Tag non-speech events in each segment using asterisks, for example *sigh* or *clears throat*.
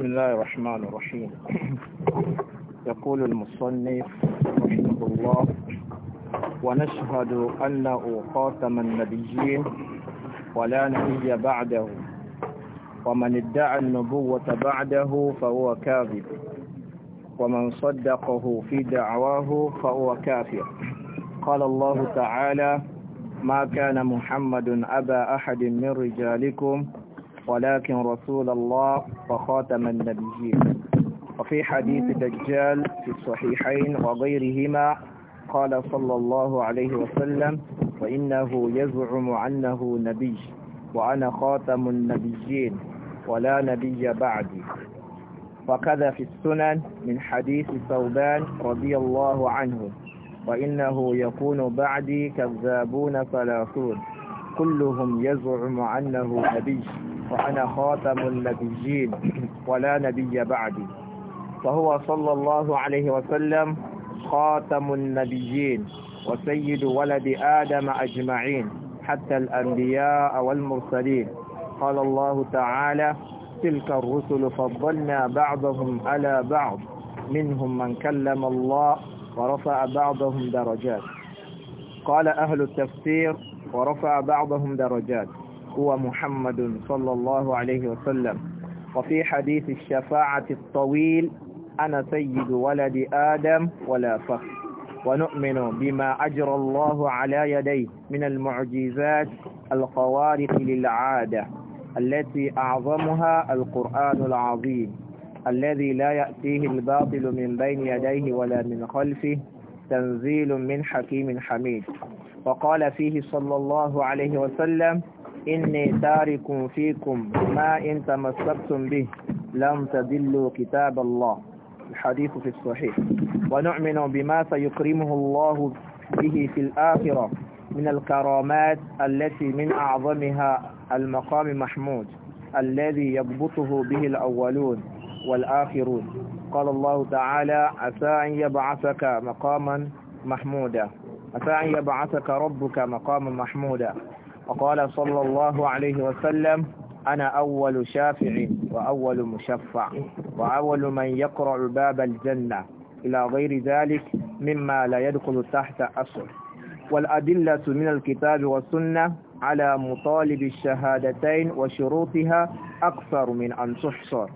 بسم الله الرحمن الرحيم *clears throat* يقول المصنف رحمه الله ونشهد أنه خاتم النبيين ولا نبي بعده ومن ادعى النبوة بعده فهو كاذب ومن صدقه في دعواه فهو كافر قال الله تعالى ما كان محمد أبا أحد من رجالكم ولكن رسول الله وخاتم النبيين وفي حديث دجال في الصحيحين وغيرهما قال صلى الله عليه وسلم وإنه يزعم عنه نبي وأنا خاتم النبيين ولا نبي بعدي وكذا في السنن من حديث ثوبان رضي الله عنه وإنه يكون بعدي كذابون ثلاثون كلهم يزعم عنه نبي وأنا خاتم النبيين ولا نبي بعدي فهو صلى الله عليه وسلم خاتم النبيين وسيد ولد آدم أجمعين حتى الأنبياء والمرسلين قال الله تعالى تلك الرسل فضلنا بعضهم على بعض منهم من كلم الله ورفع بعضهم درجات قال أهل التفسير ورفع بعضهم درجات هو محمد صلى الله عليه وسلم وفي حديث الشفاعة الطويل أنا سيد ولد آدم ولا فخ ونؤمن بما أجرى الله على يديه من المعجزات الخوارق للعادة التي أعظمها القرآن العظيم الذي لا يأتيه الباطل من بين يديه ولا من خلفه تنزيل من حكيم حميد وقال فيه صلى الله عليه وسلم إني تارك فيكم ما إن تمسكتم به لم تدلوا كتاب الله الحديث في الصحيح ونؤمن بما سيكرمه الله به في الآخرة من الكرامات التي من أعظمها المقام محمود الذي يضبطه به الأولون والآخرون قال الله تعالى عسى أن يبعثك مقاما محمودا عسى أن يبعثك ربك مقاما محمودا وقال صلى الله عليه وسلم أنا أول شافع وأول مشفع وأول من يقرع باب الجنة إلى غير ذلك مما لا يدخل تحت أصل والأدلة من الكتاب والسنة على مطالب الشهادتين وشروطها أكثر من أن تحصر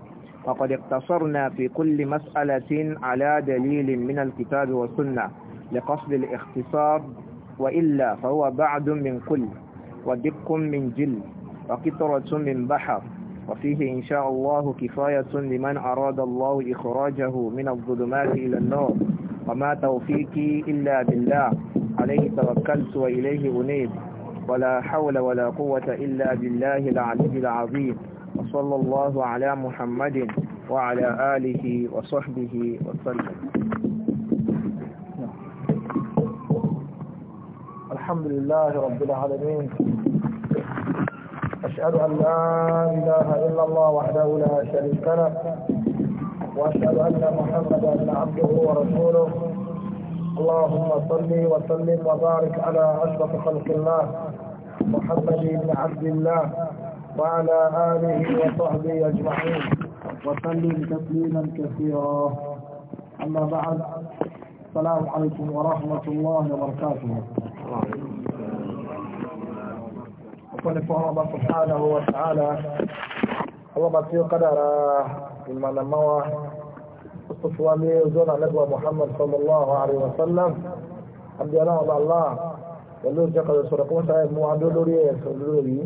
وقد اقتصرنا في كل مسألة على دليل من الكتاب والسنة لقصد الاختصار وإلا فهو بعد من كل ودق من جلد وقطرة من بحر وفيه إن شاء الله كفاية لمن أراد الله إخراجه من الظلمات إلى النور وما توفيقي إلا بالله عليه توكلت وإليه أنيب ولا حول ولا قوة إلا بالله العلي العظيم وصلى الله على محمد وعلى آله وصحبه وسلم الحمد لله رب العالمين أشهد أن لا إله إلا الله وحده لا شريك له وأشهد أن محمدا عبده ورسوله اللهم صل وسلم وبارك على أشرف خلق الله محمد بن عبد الله وعلى آله وصحبه أجمعين وسلم تسليما كثيرا أما بعد السلام عليكم ورحمة الله وبركاته ọ̀pọ̀ ní fún ọba subhanahu wa ta'ala ọba tí ó kádàrà ìmọ̀nàmáwá ó tó fún wa ní ojú ọ̀nà lẹ́gbà Muhammad sallallahu alaihi wa sallam abdi aláwọ̀bá Allah pẹ̀lú ìjẹ́kọ̀ọ́ sọ̀rọ̀ kó sáyẹ̀ mú adó lórí ẹ̀ sọ̀rọ̀ lórí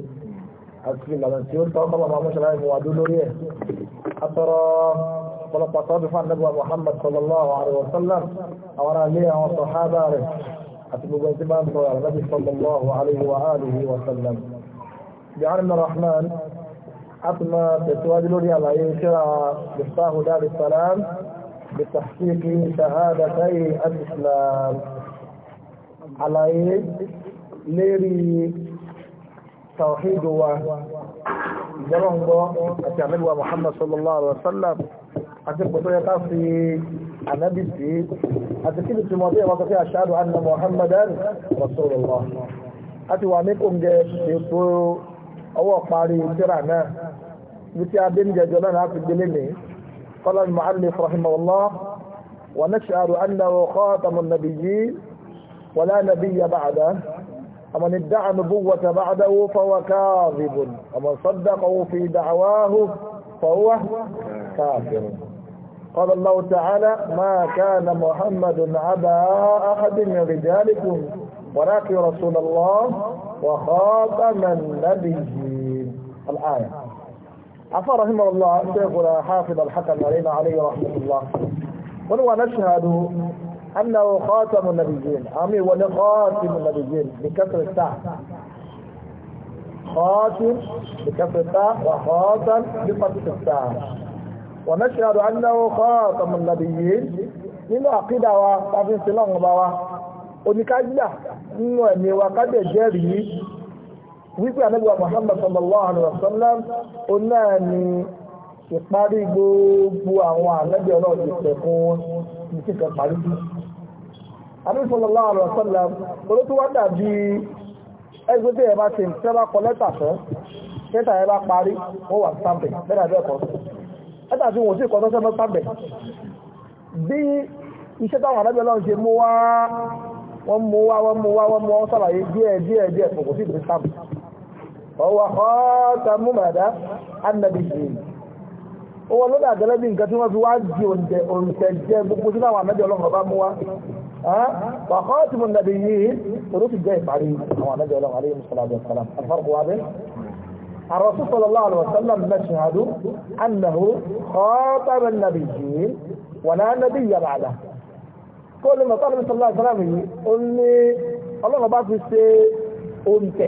àti ìlànà tí ó tọ́ kọ́ bàbá mọ́ṣáláyé mú adó lórí ẹ̀ atọ́rọ̀ ọ̀pọ̀lọpọ̀ tọ́jú حسب زمان صلى النبي صلى الله عليه وآله وسلم بعلم الرحمن أطمى تتواجد لي على إنشرى بصاه دار السلام بتحقيق شهادتي الإسلام على ليري توحيد و جلوه محمد صلى الله عليه وسلم حسب أتبقى تاسي ànábì sí àti kí ni tí wọ́n bí ẹ̀wọ́n sọ́kẹ́ ashadu anna muhammadan rasulullah àti wà ní kòǹgẹ́ ètò ọwọ́ parí tíra náà ibi tí a dé ń jẹjọ náà láti gbélé mi qala al-mu'allif rahimahullah wa nash'aru annahu khatamun nabiyyin wa la nabiyya ba'dahu ومن ادعى نبوة بعده فهو كاذب ومن صدقه في دعواه فهو كافر قال الله تعالى ما كان محمد عبا أحد من رجالكم ولكن رسول الله وخاتم النبيين الآية عفا رحمه الله شيخنا حافظ الحكم علينا عليه رحمة الله ونوى نشهد أنه خاتم النبيين أمي ولخاتم النبيين بكسر التاء خاتم بكسر التاء وخاتم بفتح التاء ونشهد أنه خاتم النبيين nínú àkídà wa tàbí sílọ́run bá wa oníkájídà nínú ẹ̀mí wa kájẹ̀ jẹ́rìí wípé ànábì Muhammad sallallahu alaihi wa sallam ni ìparí gbogbo àwọn ànábì ọlọ́run ti pẹ̀ fún wọn ní kíkẹ́ parí bí. ànábì sallallahu alaihi wa sallam olótú wá dàbí ẹgbẹ́ tí ẹ bá ti ń tẹ́ bá kọ lẹ́tà fẹ́ lẹ́tà ẹ bá parí ó wà sáǹpì bẹ́ẹ̀ látàtí wọn ò tí kọ́ tó sẹ́mọ́ sábẹ̀ bí iṣẹ́ táwọn arábẹ́ ọlọ́run ṣe mú wá wọ́n mú wá wọ́n mú wá wọ́n mú wọ́n sàlàyé díẹ̀ díẹ̀ díẹ̀ kò sí ìdílé sábẹ̀ ọwọ́ ọ̀ọ́ta mú màdá annabi ṣe owó lọ́dà gẹ́lẹ́ bí nǹkan tí wọ́n fi wá di òǹtẹ̀ jẹ gbogbo tí táwọn arábẹ́ ọlọ́run bá mú wá wàhọ́ọ̀tì mú nàbí yìí tó ló fi jẹ́ ìparí àwọn arábẹ́ ọlọ́run alẹ́ الرسول صلى الله عليه وسلم نشهد أنه خاطب النبيين ولا نبي بعده كل ما طلب صلى الله عليه وسلم أني الله ما في شيء أنت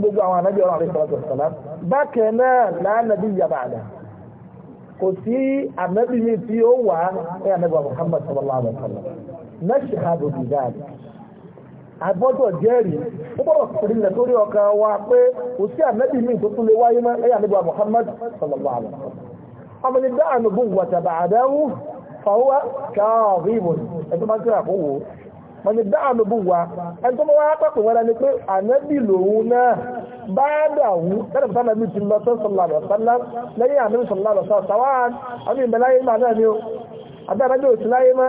gbogbo àwọn ànábì ọ̀rọ̀ àríṣẹ́ ọ̀tọ̀ ìṣọ̀lá bákan náà lánàbí yabàdà kò sí ànábì mi tí ó wà ní ànábì Muhammad sallallahu alaihi wa sallam náà ṣe àdòdì dáadáa agbọ́dọ̀ jẹ́rìí ó gbọ́dọ̀ sílẹ̀ sórí ọkàn wa pé kò sí ànábì míì tó tún lè wáyé mọ́ ẹ̀yà níbi wa Muhammad sallallahu alaihi wa sallam amani dáànù bùn wàtàbà àdáwù fàwọ́ káàrìbùn ẹ̀tọ́ bá kíra kó wò wọ́n ni dáànù bùn wa ẹni tó mọ́ wá pàpọ̀ wọn ni pé ànábì lòun náà bá dàwù lẹ́nu tó nàbí ti lọ tó sallallahu alaihi wa sallam lẹ́yìn ànábì sallallahu alaihi wa sallam sàwọn àmì ìmẹ́láyé màá náà ni ó àbẹ́ ànábì òsì láyé mọ́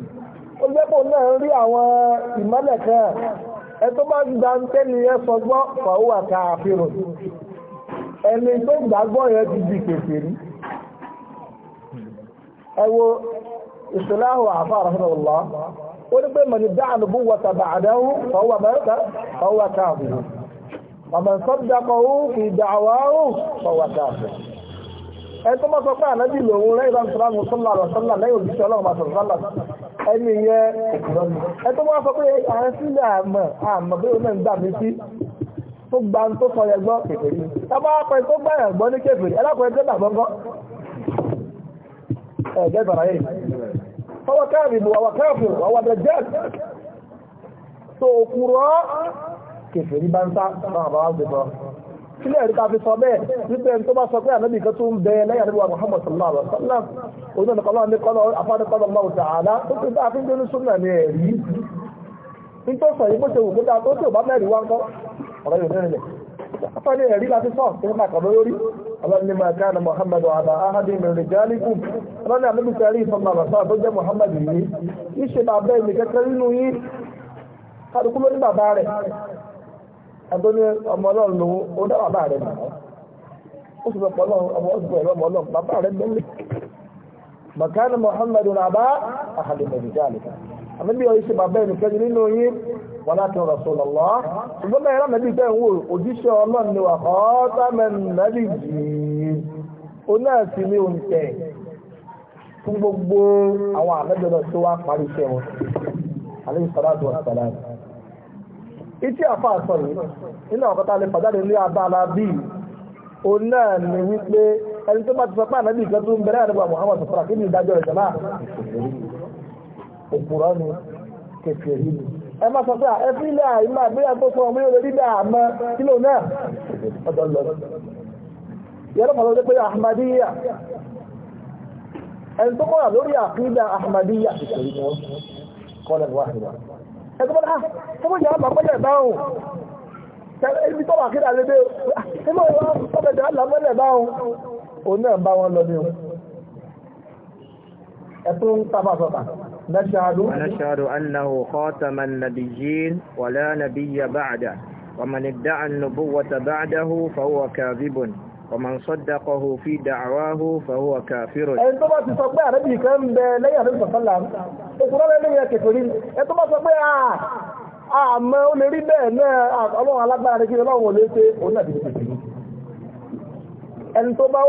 ó jẹ́ pò náà ń rí àwọn ìmọ́lẹ̀ kan ẹ tó bá gba tẹ́ni ẹ sọ gbọ́ fàáwà ká àfihàn ẹni tó gbàgbọ́ yẹn ti di kèfèrí ẹ wo ìṣòláhùn àfa àràfẹ́lọ́lá ó ní pé mọ̀ni dá àlùbú wọ̀tà bàdáhù fàáwà mẹ́ta fàáwà ká àfihàn ọmọ sọ́dọ̀kọ̀ọ́ fi dàwárù fàáwà ká àfihàn ẹ tó bá sọ pé ànábì lòun rẹ́ ìbámu sọ́lá ẹni yẹn ẹtọ́ wọn sọ pé à ń sílẹ̀ àmọ́ àmọ́ bí wọn náà ń gbà mí sí tó gba tó sọ yẹn gbọ́ kèfèrí tábà pẹ tó gbà yẹn gbọ́ ní kèfèrí ẹlẹ́kùnrin tó dàgbọ́ gbọ́ ẹ̀ẹ́dẹ́ bàrà yìí fọwọ́ káàbì bù wàwà káàbì wàwà dẹ̀jẹ́ tó kúrọ́ kèfèrí bá ń sá náà bá wà gbẹ̀bọ̀ kílẹ̀ rí ta fi sọ bẹ́ẹ̀ wípé ẹni tó bá sọ pé ànábì kan tó ń bẹ lẹ́yìn ànábì wa Muhammad sallallahu alaihi wa sallam òun náà kọ́lọ́ ní kọ́lọ́ afáàní kọ́lọ́ ọmọ òtà àdá tó ti dá fíjọ́ ní súnmọ̀ ní ẹ̀rí ní tó sọ yìí bó ṣe wù kó dáa tó tí ò bá mẹ́rin wá ń kọ́ ọ̀rọ̀ yóò nílẹ̀ afáàní ẹ̀rí láti sọ tó ń kàkọ́ lórí ọlọ́run ní máa káàna Muhammad àdá ahadi min rijalikum ọlọ́run ànábì sẹ́rí ìfọ̀nà àbàṣà tó jẹ́ Muhammad yìí ìṣe bàbá ẹ̀mí kẹ́kẹ́ nínú yìí kálukú ló ní bàbá rẹ̀ ẹni tó ní ọmọ ọlọ́run ló ó dá bàbá rẹ̀ nà ó sì pẹ̀lú ọmọ ọ̀sùn pẹ̀lú ọmọ ọlọ́run bàbá rẹ̀ gbẹ́lẹ̀ makana muhammadu rabá ahadumẹ̀lì jáàlìkà àmì bí ọyí ṣe bàbá ẹnìkẹ́ni nínú yín wọn láti rọ̀ sọ̀lọ̀ lọ́ ṣùgbọ́n mẹ́rin náà nàbí ìfẹ́ ìwò òjíṣẹ́ ọlọ́run ni wà kọ́ sámẹ́nu ìtí àfà àsọ̀rọ̀ nínú àwọn kọta lè pàjáde ní abala bí o náà ni wípé ẹni tó bá ti sọ pé ànábì ìkan tó ń bẹ̀rẹ̀ àdúgbò Muhammad sọ̀rọ̀ kí ni ìdájọ́ rẹ̀ jọba òpùrọ̀ ni kẹfẹ́ yìí ni ẹ má sọ pé ẹ fi ilé àìmọ́ àgbéyà tó sọ ẹgbẹ́ náà ọmọ ìyá àlàmọ́lẹ̀ báhùn ibi tọ́wà kí náà lédè ẹgbẹ́ ìwà ọmọdé àlàmọ́lẹ̀ báhùn òun náà bá wọn lọ ní o ẹ̀tún tábàtọ̀tà نشهد أنه خاتم النبيين ولا نبي بعده ومن صدقه في دعواه فهو كافر ان تبا تي سو pé arabi kan be lẹ́yìn arabi sallam o ko le lẹ́yìn kefirin ẹ tó bá sọ pé ah ah mo o lè rí bẹ́ẹ̀ náà ah, Ọlọ́hun alágbára ni kí Ọlọ́hun o lè ṣe o na bi kefirin en tó bá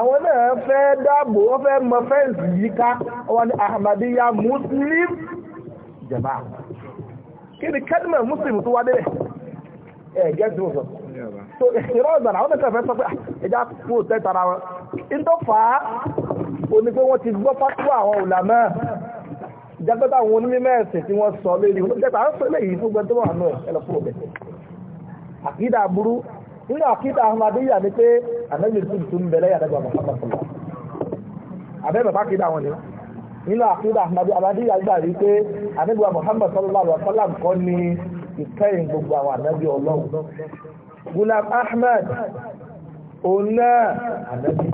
àwọn náà fẹ́ dáàbò wọ́n fẹ́ mọ fẹ́ǹsì yíká wọn ni ahmadiyya muslim jẹ̀bá kí ni kẹ́dìmọ̀ muslim tó wá délẹ̀ ẹ̀ gẹ́gẹ́ mọ̀ sọ so ìrọ̀ ọ̀gbà àwọn mẹ́ta fẹ́ sọ pé ah, ẹja kú tẹ́ tara wọn ìtọ́ fà á òní pé wọ́n ti gbọ́ pátúwà àwọn ulama jágbẹ́ta àwọn onímọ̀ ẹ̀sìn tí wọ́n sọ lórí wọn jẹ́ta àwọn pẹ̀lẹ́ yìí fún gbẹ́ntọ́ wà náà ẹlọ fún ọbẹ̀ àkídà burú nínú àkídà ahmadiyya ni pé ànábì tuntun bẹ̀rẹ̀ yàrá nínú àkídà ahmadu abadíyà gbà rí pé ànábì wa muhammad sallallahu alaihi wa sallam kọ́ ni ìkẹyìn gbogbo àwọn ànábì ọlọ́run gulam ahmed òun náà ànábì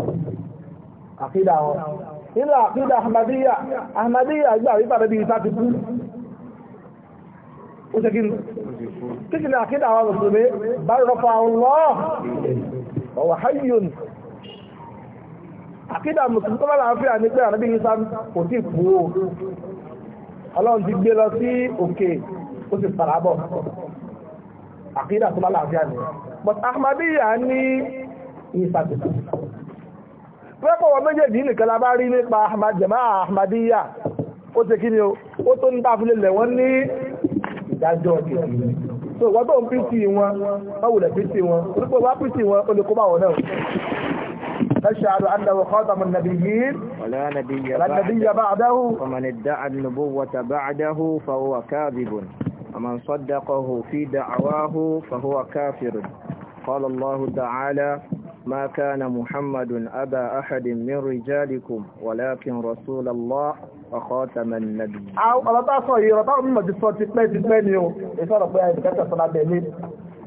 àkídà wọn nínú àkídà ahmadiyya ahmadiyya gbà rí pàdé bí ìta ti ó ṣe kí ni kí ni àkídà àwọn mùsùlùmí bá rọpa ọlọ́ ọ̀wà hayyun àkídà mùsùlùmí tó bá láàáfíà ní pé ànábì Ìsá kò tí kú o ọlọ́run ti gbé lọ sí òkè ó sì farabọ̀ àkídà tó bá láàáfíà ni but ahmadiyya ní ìsàkùkù pẹ́pọ̀ wọn méjèèjì nìkan la bá rí nípa jẹ̀má ahmadiyya ó ṣe kí ni o ó tó ń dáfilẹ̀ lẹ̀ wọ́n ní ìdájọ́ kìí so wọ́n tó ń pìtì wọn wọ́n wùlẹ̀ pìtì wọn onípò wá pìtì wọn ó bá wọn náà نشهد أنه خاتم النبيين ولا نبي لا نبي بعده ومن ادعى النبوة بعده فهو كاذب ومن صدقه في دعواه فهو كافر قال الله تعالى ما كان محمد أبا أحد من رجالكم ولكن رسول الله وخاتم النبي أو ألا تعصوا يرطع من مجلسة تتمي تتمي يسارة بها يتكتب صلاة بها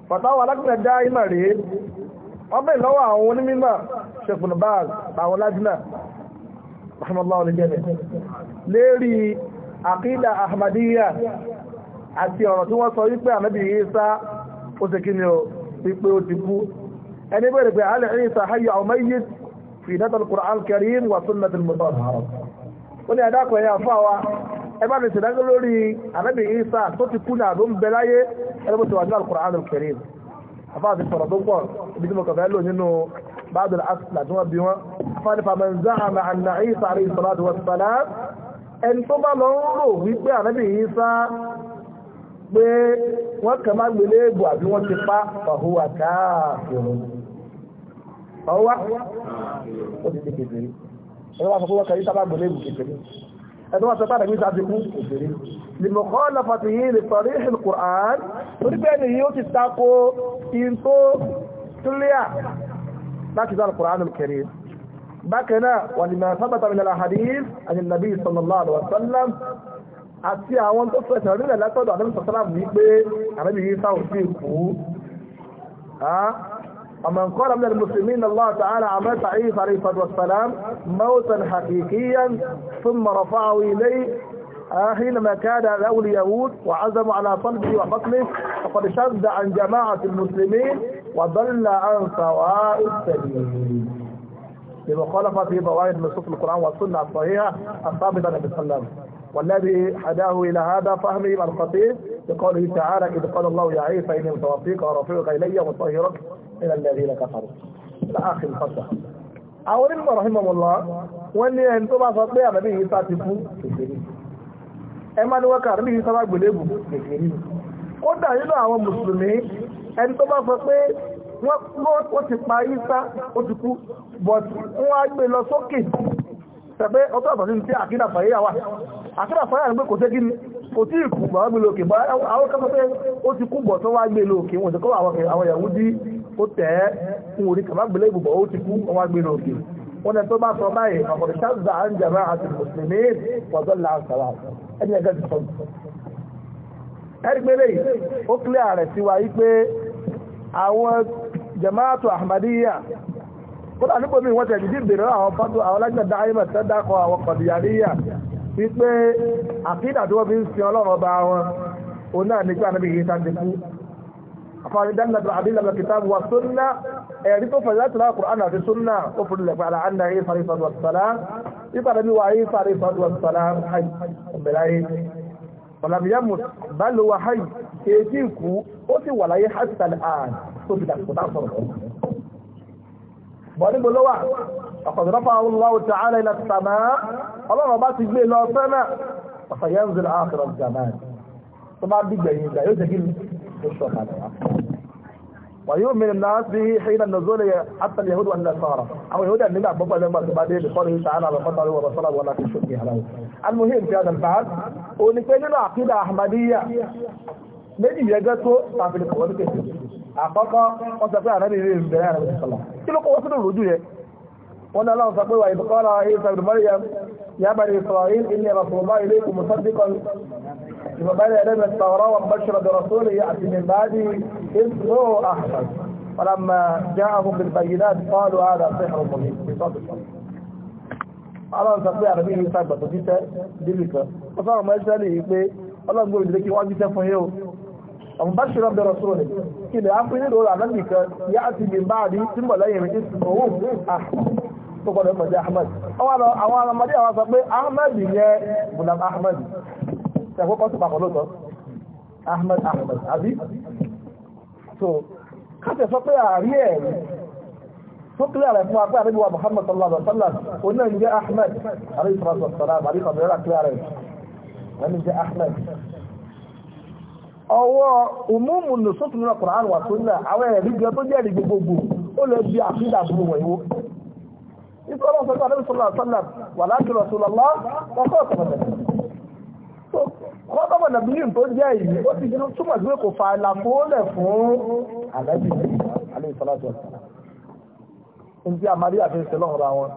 فتاوى لكم الدائمة ريه wọ́n bẹ̀rẹ̀ lọ́wọ́ àwọn onímọ̀ ṣẹ̀kùn báàz àwọn lájínà rahimahullah olùjẹ́bẹ̀ lérí àkídà ahmadiyya àti ọ̀rọ̀ tí wọ́n sọ wípé ànábì Ìsá ó ṣe kí ni ó wípé ó ti kú ẹni bẹ̀rẹ̀ pé alẹ́ Ìsá hayya aw mayyit fi datal Qur'an karim wa sunnatil mutahhara ó ní adákọ̀ ẹ̀yà fún wà ní al-Qur'an afáàfin sọ̀rọ̀ tó pọ̀ ibi tí mo kọ̀fẹ́ lò nínú báàdùn asìlá tí wọ́n bí wọ́n afáàfin fa man za'ama anna Isa alayhi salatu wa salam ẹni tó bá lọ ń rò wípé ànábì Isa pé wọ́n kàn má gbélé ègbò àbí wọ́n ti pa fahuwa káàkiri ẹ̀tọ́ wá sọ́tà rẹ̀ sáti kú lèmọ̀kọ́ lọ́fàtí yìí lè pẹ̀lú ìhìn kùrán torí pé ẹni yóò ti tako in tó clear láti sáà kùrán kẹrì bákanáà wà ní mẹ́rin sábàtà min al-hadith àti nàbí sallallahu alaihi ومن قال من المسلمين الله تعالى عمات عيسى عليه الصلاة والسلام موتا حقيقيا ثم رفعه إليه آه، حينما كان له اليهود وعزموا على صلبه وقتله فقد شد عن جماعة المسلمين وضل عن سواء السبيل ضوائد من صف القرآن والسنة الصحيحة الثابتة عن عليه والذي هداه إلى هذا فهمه الخطير بقوله تعالى إذ قال الله يا عيسى إني متوفيك ورافعك إلي ومطهرك من الذين كفروا لآخر الخطة àwọn onímọ̀ رحمه الله ní ẹni tó bá sọ pé àmàbí yìí sáà ti fún kèfèrí ẹ máa ní wọ́n kà àmàbí yìí sáà gbèlébù kèfèrí kódà nínú àwọn mùsùlùmí ẹni tó bá sọ pé wọ́n ti pa ìsá ó ti kú but wọ́n á gbé lọ sókè tẹ̀pẹ́ ọjọ́ àtọ̀sí ti àkídà fàyè àwà àkídà fàyè àgbẹ̀ kò sé kí ni kò tí ìkù bàbá gbé lókè bá àwọn kan ó ti kú bọ̀ tó wá gbé lókè wọn ti kọ́ àwọn Yahudi ó tẹ̀ fún orí kàbá gbélé ìbùbọ̀ ó ti kú gbé lókè tó bá sọ báyìí ń àti mùsùlùmí là ń sọ̀rọ̀ ẹni ẹgbẹ́ ti sọ ẹni gbélé yìí ó ààrẹ sí wa yìí pé àwọn jamaatu ahmadiyya kódà mi wípé àkídà tí wọ́n fi ń sin ọlọ́run ọba wọn òun náà ní pé ànábì yìí sáà ti kú àfààní dánilàtà àdínlàtà kìtàbù wa sunna ẹ̀rí tó fẹ̀yà tó láàkùn àná àti sunna ó fún ilẹ̀ pàdà àná yìí sáré sọ́dọ̀ sàlá nípa ànábì wa yìí sáré sọ́dọ̀ sàlá ọ̀bẹ̀láyé ọ̀làbíyàmù bá ọlọ́run bá ti gbé e lọ sẹ́nà ọ̀sàyẹ́nzì àkàrà jàmáà tó bá dìgbẹ̀ yìí gbà yóò jẹ́ kí ní oṣù ọ̀kadà wà yóò mìíràn náà sí ṣẹ́yìn náà zó lè yẹ àtàlẹ̀ yahudu wọn nasara àwọn yahudu àti nígbà gbọ́gbọ́ ẹgbẹ́ tó bá dé ibi kọ́lù ìta àlàbà kọ́tà lọ́wọ́ rọ̀ sọ́lá wọlá fi ṣókè ara wọn. almuhim fi adam ba'ad ó ní pé nínú àkídà ahmadiyya yẹ gẹ́ tó tàbí kọ̀wọ́ ní kẹsì àkọ́kọ́ wọ́n sọ pé àrẹ́bìnrin rẹ̀ ń bẹ̀rẹ̀ àrẹ́bìnrin sọ́lá kí ló kọ́ wọ́n sínú ròjú yẹ وانا الله سقوي وإذ قال عيسى ابن مريم يا بني إسرائيل إني رسول الله إليكم مصدقا وبين يدي من التوراة ومبشرا برسول يأتي من بعده اسمه أحمد ولما جاءهم بالبينات قالوا هذا سحر مبين بصدق àwọn ìsàpé àrẹ̀bí ní ìsàgbà tó jíṣẹ́ dìlìkan ó sọ́rọ̀ mọ́ ẹ́ṣẹ́ lè pé ọlọ́gbọ̀n ìdílé kí wọ́n jíṣẹ́ fún yóò ọmọ bá ṣe rọ́bẹ̀rọ̀ sọ́rọ̀ rẹ̀ kí ni a fi nílò àlọ́bì kan yá àti bímbáàdì tí mọ̀ lẹ́yìn rẹ̀ tó gbọ́dọ̀ mọ̀ sí Ahmed àwọn ọmọdé àwọn sọ pé Ahmed yẹn Gulam Ahmed ṣẹ̀kọ́ kọ́ sí papọ̀ lóòótọ́ Ahmed Ahmed àbí so káṣẹ̀ sọ pé àárí ẹ̀ tó kílẹ̀ rẹ̀ fún apá àríwá Muhammad sallallahu alaihi wa sallam òun náà ń jẹ́ Ahmed àríwá sallallahu alaihi wa sallam àríwá sallallahu alaihi wa sallam wọ́n ní jẹ́ ahmed ọwọ́ umumu nusus nínú Qur'an wa sunna àwọn ẹ̀rí bí ọ tó jẹ́rìí gbogbogbò ó lè bí àfídà fún wọ̀nyí nítorí ọlọ́run sọ́jọ́ àdébí sọ́lá sọ́lá wà láti rọ̀ sọ́lá lọ́ kọ́kọ́ ọ̀tọ̀mọ̀tẹ̀. kọ́kọ́ ọ̀tọ̀mọ̀tẹ̀ bí yìí tó jẹ́ èyí ó ti jẹ́ túmọ̀ sí pé kò fa ìlàkóólẹ̀ fún àdájì alẹ́ ìsọ́lá tó ọ̀tọ̀. ń tí àmàrí àti ìṣẹ́ lọ́rùn ra wọn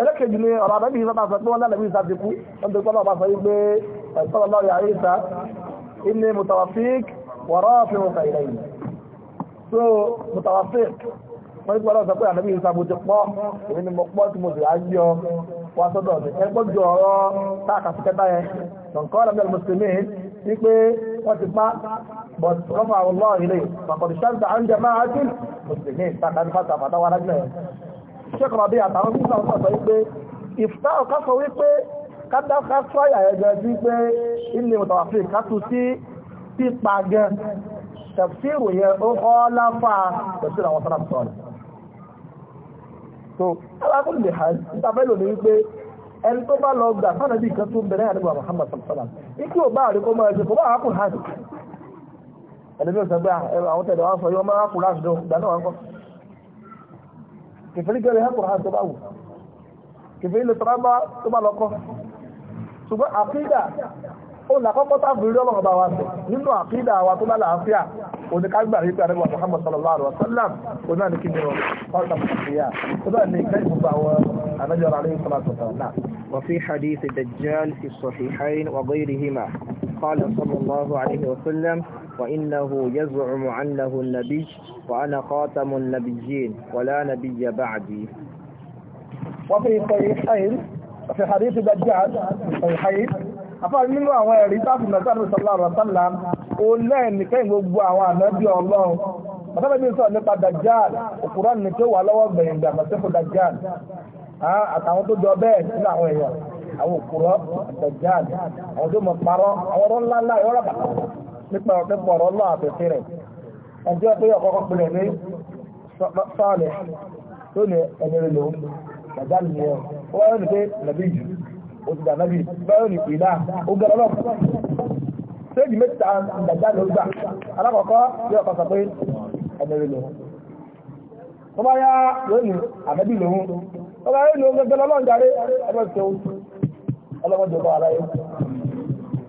ẹlẹ́kẹ̀jì ni ọ̀rọ̀ àdábì ìsọ́lá sọ pé wọ́n lálẹ́bí ìsá ti kú wọ́n ti kọ́lọ́ ọba sọ wípé ẹ̀sọ́lọ́ lọ́rẹ̀ àríṣà inni mutawafik wọ̀rọ̀ fi mọ̀ fẹ̀ ìrẹ̀yìn so mutawafik wọ́n gbọ́dọ̀ sọ pé ànábì Ìsá mo ti pọ́ èmi ni mo pọ́ tí mo sì á yọ wá sọ́dọ̀ mi ẹ gbọ́dọ̀ ọ̀rọ̀ táàkàtì kẹta yẹn nǹkan ọ̀rọ̀ mùsùlùmí ní pé wọ́n ti pa but rọ́fà ọlọ́ ilé pàkọ̀dù ṣáàtà ń jẹ máa tí mùsùlùmí táàkàtì fàtà fàtà wà lágbẹ̀ ṣẹ́kọ̀ọ́ bí àtàwọn tí sọ sọ wípé ìfúta ọ̀ká sọ wípé kátà ká sọ àyàjọ sí pé ilé mùtàwàfíì ká tu sí pípa gan tẹ̀síìrù ó kọ́ láfà tẹ̀síìrù àwọn sọ́nà sọ̀rọ̀ so alákùnrin lè hàn ìtàbẹ́lò ní wípé ẹni tó bá lọ gbà fánà bí ìkan tó ń bẹ̀rẹ̀ àdúgbò Muhammad sàmsàlà ikú ò bá àrí kó máa ṣe kó máa kù hàn ẹni bí ọ̀sán pé ah, àwọn tẹ̀lé wa sọ yọ máa kù láti dùn náà wọn kọ́ tó bá wù tó bá lọ kọ́ ṣùgbọ́n ó nà kọ́kọ́ làkọ́kọ́ tábìlì ọlọ́run bá wa si nínú àkídà wa tó lálàáfíà oníkágbà rí pé àdébà Muhammad sallallahu alaihi wa sallam ni ọ ọ̀rọ̀ tàbíyà tó bá ní ìkẹ́ ìgbà àwọn anájọ́ ara lẹ́yìn sọlá tọ̀tọ̀ náà. وفي حديث الدجال في الصحيحين وغيرهما قال صلى الله عليه وسلم وإنه يزعم عنه النبي وأنا خاتم النبيين ولا نبي بعدي وفي الصحيحين وفي حديث الدجال في الصحيحين àfáà nínú àwọn ẹ̀rí tábù náà sáàdù sọ̀lọ́rọ̀ sọ́lá ó lẹ́ẹ̀nìkẹ́ gbogbo àwọn ànábì ọlọ́run bàtàbí sọ̀rọ̀ nípa dajjal òkúrọ̀ ní tó wà lọ́wọ́ gbẹ̀yìn gbà mọ̀sẹ́kù dajjal àtàwọn tó jọ bẹ́ẹ̀ nínú àwọn èèyàn àwọn òkúrọ̀ dajjal àwọn tó mọ̀ parọ́ àwọn ọ̀rọ̀ ńlá ńlá ìwọ́rọ̀ bàtà nípa ọ̀pẹ́pọ̀ ọ̀rọ̀ lọ́ àfẹ́fẹ́ rẹ̀ ẹjọ́ pé ọkọ̀ pẹ̀lẹ̀ ní sọ́ọ̀lẹ̀ tó ní ẹni rẹ̀ lòun dajjal ni ẹ̀ wọ́n rẹ̀ ní pé nàbí yìí ó ti dànábì báyọ̀ ní ìpìlá ó gẹ́rẹ́ lọ séèjì mẹ́ta ìdàjá ló gbà alákọ̀ọ́kọ́ yóò kọ́ sọ pé ẹnẹ́rẹ́ lòun tó bá yá lónìí ànábì lòun tó bá yá lòun gẹ́gẹ́ lọ́lọ́run jáde ẹgbẹ́ ìṣẹ́wó ọlọ́mọdé bá ara yẹn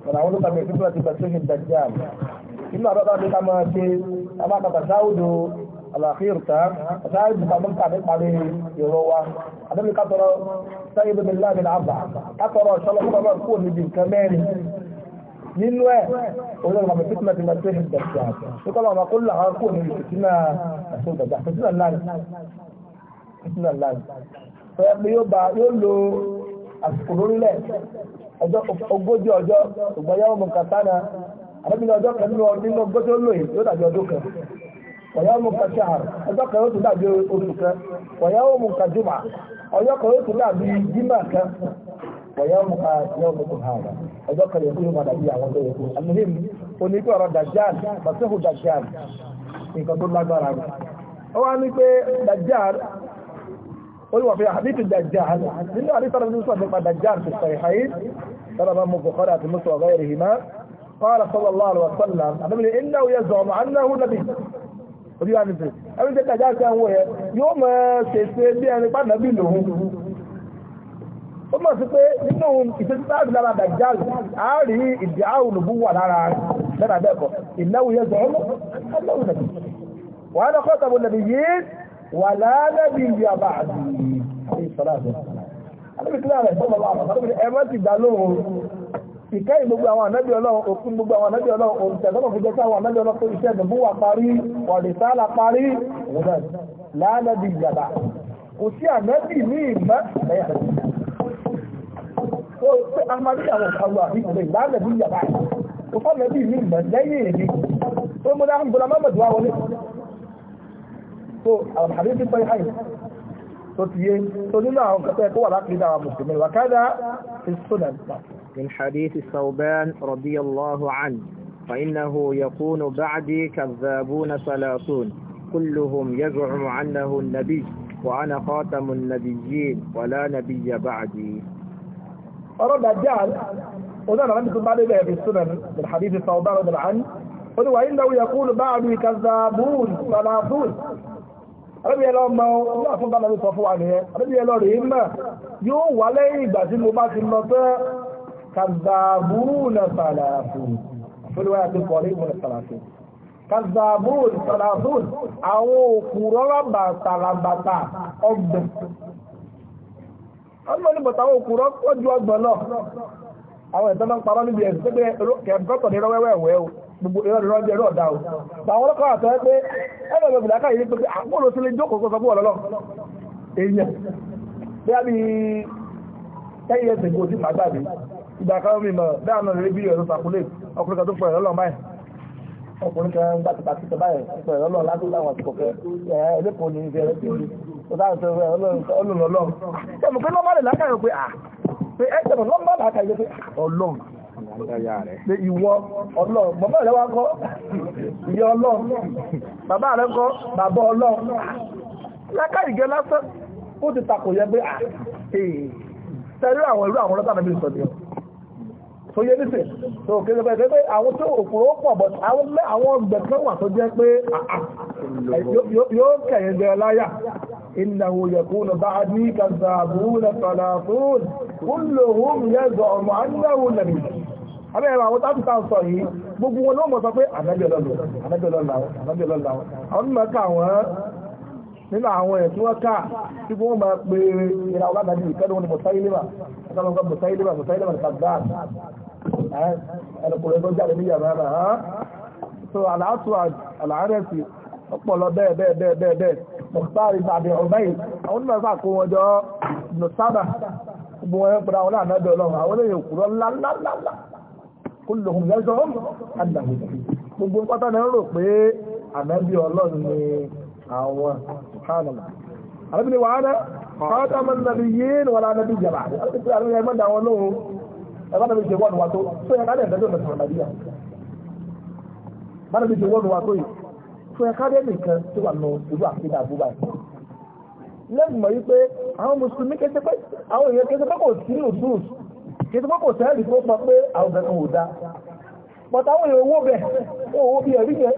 ọ̀nà àwọn olùkàmì ìfipúrọ̀ ti bẹ̀rẹ̀ sí ìdàjá nínú àbábá mi ká máa ṣe abákàtà sáwùdù الأخير تام فسائل مقابلة عليك عليه يروى أدبي قطرة سيد بالله من أربعة قطرة إن شاء الله قطرة تكون من كمان nínú ẹ̀ olóòrùn àmì fitna ti máa tẹ́sí ìdàgbà tó kọ́ máa kó làwọn kò ní fitna ẹ̀sùn ìdàgbà fitna láàrin fitna láàrin tó yẹ pé yóò lo àsìkò lórílẹ̀ ọjọ́ ogójì ọjọ́ ìgbà yàwó mọ̀kàtánà àbẹ́bí ọjọ́ kan nínú ọdún ogójì ó lò yìí yóò dàbí ọdún kan wọ̀yọ́mù ka ṣáàr ọjọ́ kan yóò tún dàbí oṣù kan wọ̀yọ́mù ka jùmà ọjọ́ kan yóò tún dàbí jimá kan wọ̀yọ́mù ka yọ̀mù tó hàn wá ọjọ́ kan yóò tún dàbí àwọn tó yẹ kó alihim onígbà ọ̀rọ̀ dajjal nǹkan tó lágbára ni. ó wá ní pé dajjal olùwàfẹ́ àdìtì dajjal nínú àdìtì rẹ̀ nípa nípa dajjal ti sọ̀rọ̀ ìhàyè sábà bá mu bukhari àti musu ọ̀gá ìrìhìmá orí wà nìfẹ́ ẹni tẹ́ta já sí àwọn ẹ̀ yóò mọ̀ ṣèṣe bí ẹni pàdé bí lòun ó mọ̀ sí pé nínú ìṣẹ́sítàbí lára dàjáàlì àárí ìdí àrùnbù wà lára lẹ́nà bẹ́ẹ̀kọ́ ìnáwó yẹn sọ ọmọ ọlọ́run nàbí wà á lọ́kọ́ tàbí nàbí yìí wà lálẹ́bí ìlú àbá àti ìṣọ́lá ìkẹ́ ìgbogbo àwọn ànábì ọlọ́run òfin gbogbo àwọn ànábì ọlọ́run òǹtẹ̀lọ́pọ̀ fi jẹ́sí àwọn ànábì ọlọ́run pé iṣẹ́ ìdìbò wà parí ọ̀rẹ́sálà parí òun láàbẹ̀bí ìjàmbá kò sí ànábì ní ìmọ̀ ẹ̀yà tó pé a máa rí àwọn ọ̀pọ̀lọpọ̀ àbí ìpè láàbẹ̀bí ìjàmbá kò fọ́ ànábì ní ìmọ̀ lẹ́yìn èmi tó mú dáhùn bọ́lá mọ́mọ́dù wá wọlé tó àwọn àbí ti pẹ́ àyè من حديث الثوبان رضي الله عنه فإنه يكون بعدي كذابون ثلاثون كلهم يزعم عنه النبي وأنا خاتم النبيين ولا نبي بعدي أرد الجعل وذلك لم يكن بعد ذلك في السنن من حديث الثوبان رضي الله عنه قل وإنه يقول بعدي كذابون ثلاثون àbẹ́bí الله lọ́mọ ní àfúnbánà ló sọ fún wa nìyẹn àbẹ́bí ẹ lọ́rọ̀ yìí mọ̀ yóò wà lẹ́yìn ìgbà tí mo bá ti lọ tẹ́ kàzàbùrùnà sàlàfún olúwa àti kọ̀rí ìwọ̀n sàlàfún kàzàbùrùn sàlàfún àwọn òkúrọ́ rábà sàlàbàtà ọgbọ̀n ọdún ní bọ̀tà àwọn òkúrọ́ ó ju ọgbọ̀n náà àwọn ìtọ́nà ń parọ́ níbi ẹ̀sìn pé kẹ̀kọ́kọ̀ ní rọ́wẹ́wẹ́ o gbogbo ìrọ̀lọ́ jẹ́ rọ̀dá o àwọn ọlọ́kọ̀ àtọ́ pé ẹgbẹ̀rẹ̀ ìgbìlákà yìí pé àpòlò ah, sílé jókòó sọ fún ọlọ́lọ́ èèyàn bí a bí 10 years ago ti fàgbà mi ìgbà káwọn mímọ̀ dáàmù rẹ̀ bí ọ̀rọ̀ sàkúlẹ̀ ọkùnrin kan tó pẹ̀rẹ̀ lọ́lọ́ báyìí ọkùnrin kan ń gbàtí pàtí báyìí pẹ̀rẹ̀ lọ́lọ́ ládùn láwọn àsìkò kẹ ẹlẹ́kọ̀ọ́ ní ìfẹ́ rẹ̀ ti rí tó dáàmù tó rẹ̀ ọlọ́lọ́ tẹ̀mù pé lọ́mọ́lẹ̀ lákàrọ̀ pé à pé ẹ tẹ̀mù lọ́mọ́lẹ̀ lákàrọ̀ pé ah, ọlọ́run pé ìwọ ọlọ́run bàbá rẹ̀ wá kọ́ ìyá ọlọ́run bàbá rẹ̀ kọ́ bàbá ọlọ́run lákàrọ̀ ìgẹ́ ó ti takò yẹ pé à ah, ee eh, àwọn ìlú àwọn ọlọ́tàn náà bí tó yé nísìn tó kéde bẹ́ẹ̀ pé àwọn tó òkúrò pọ̀ bọ̀ àwọn ọgbẹ̀ kan wà tó jẹ́ pé yóò kẹ̀yìn jẹ láyà innahu yakunu ba'di kadhabuna salatun kulluhum yaz'umu annahu nínú àwọn ẹ̀tún ọ̀ká tí wọ́n máa pe ìra ọlá dàbí ìkẹ́lẹ̀ wọn ni mọ̀sáìlìmà ọ̀sánlọ́gbà mọ̀sáìlìmà mọ̀sáìlìmà ní kàgbáà ẹnukùnrin tó jáde níyà so àlàátù àlàárẹ̀sì ọpọlọ bẹ́ẹ̀ bẹ́ẹ̀ bẹ́ẹ̀ bẹ́ẹ̀ bẹ́ẹ̀ mọ̀sáàrì bàbí ọ̀bẹ́yì àwọn onímọ̀ fà kó wọn jọ nùsábà gbogbo wọn pẹ̀lú àwọn àmẹ́bẹ̀ ọlọ́run àwọn èèyàn kúrọ ńláńláńlá kó lòun yẹn sọ àdàgbò gbogbo pátá náà rò pé ni àwọn subhanallah alábìnrin wàhálà kọ́ọ̀tà mọ́ nàbí yéé ní wàhálà nàbí jàmbá alábìnrin àwọn ẹgbẹ́ àwọn lóhùn ẹgbẹ́ nàbí ṣe wọ́n wà tó tó yẹ káàdé ẹ̀dẹ́gbẹ́ mẹ́sàn án nàbíyà bá nàbí ṣe wọ́n wà tó yìí tó yẹ káàdé nìkan tó wà nù ìlú àfihàn àbúgbà yìí lẹ́yìn mọ̀ yí pé àwọn mùsùlùmí kété pé àwọn èèyàn kété pé kò sí nùsùs kété pé kò sẹ́ẹ̀lì tó sọ pé àwọn obìnrin ò dáa pọ̀tà àwọn èèyàn owó bẹ̀ owó bí ẹ̀rí yẹn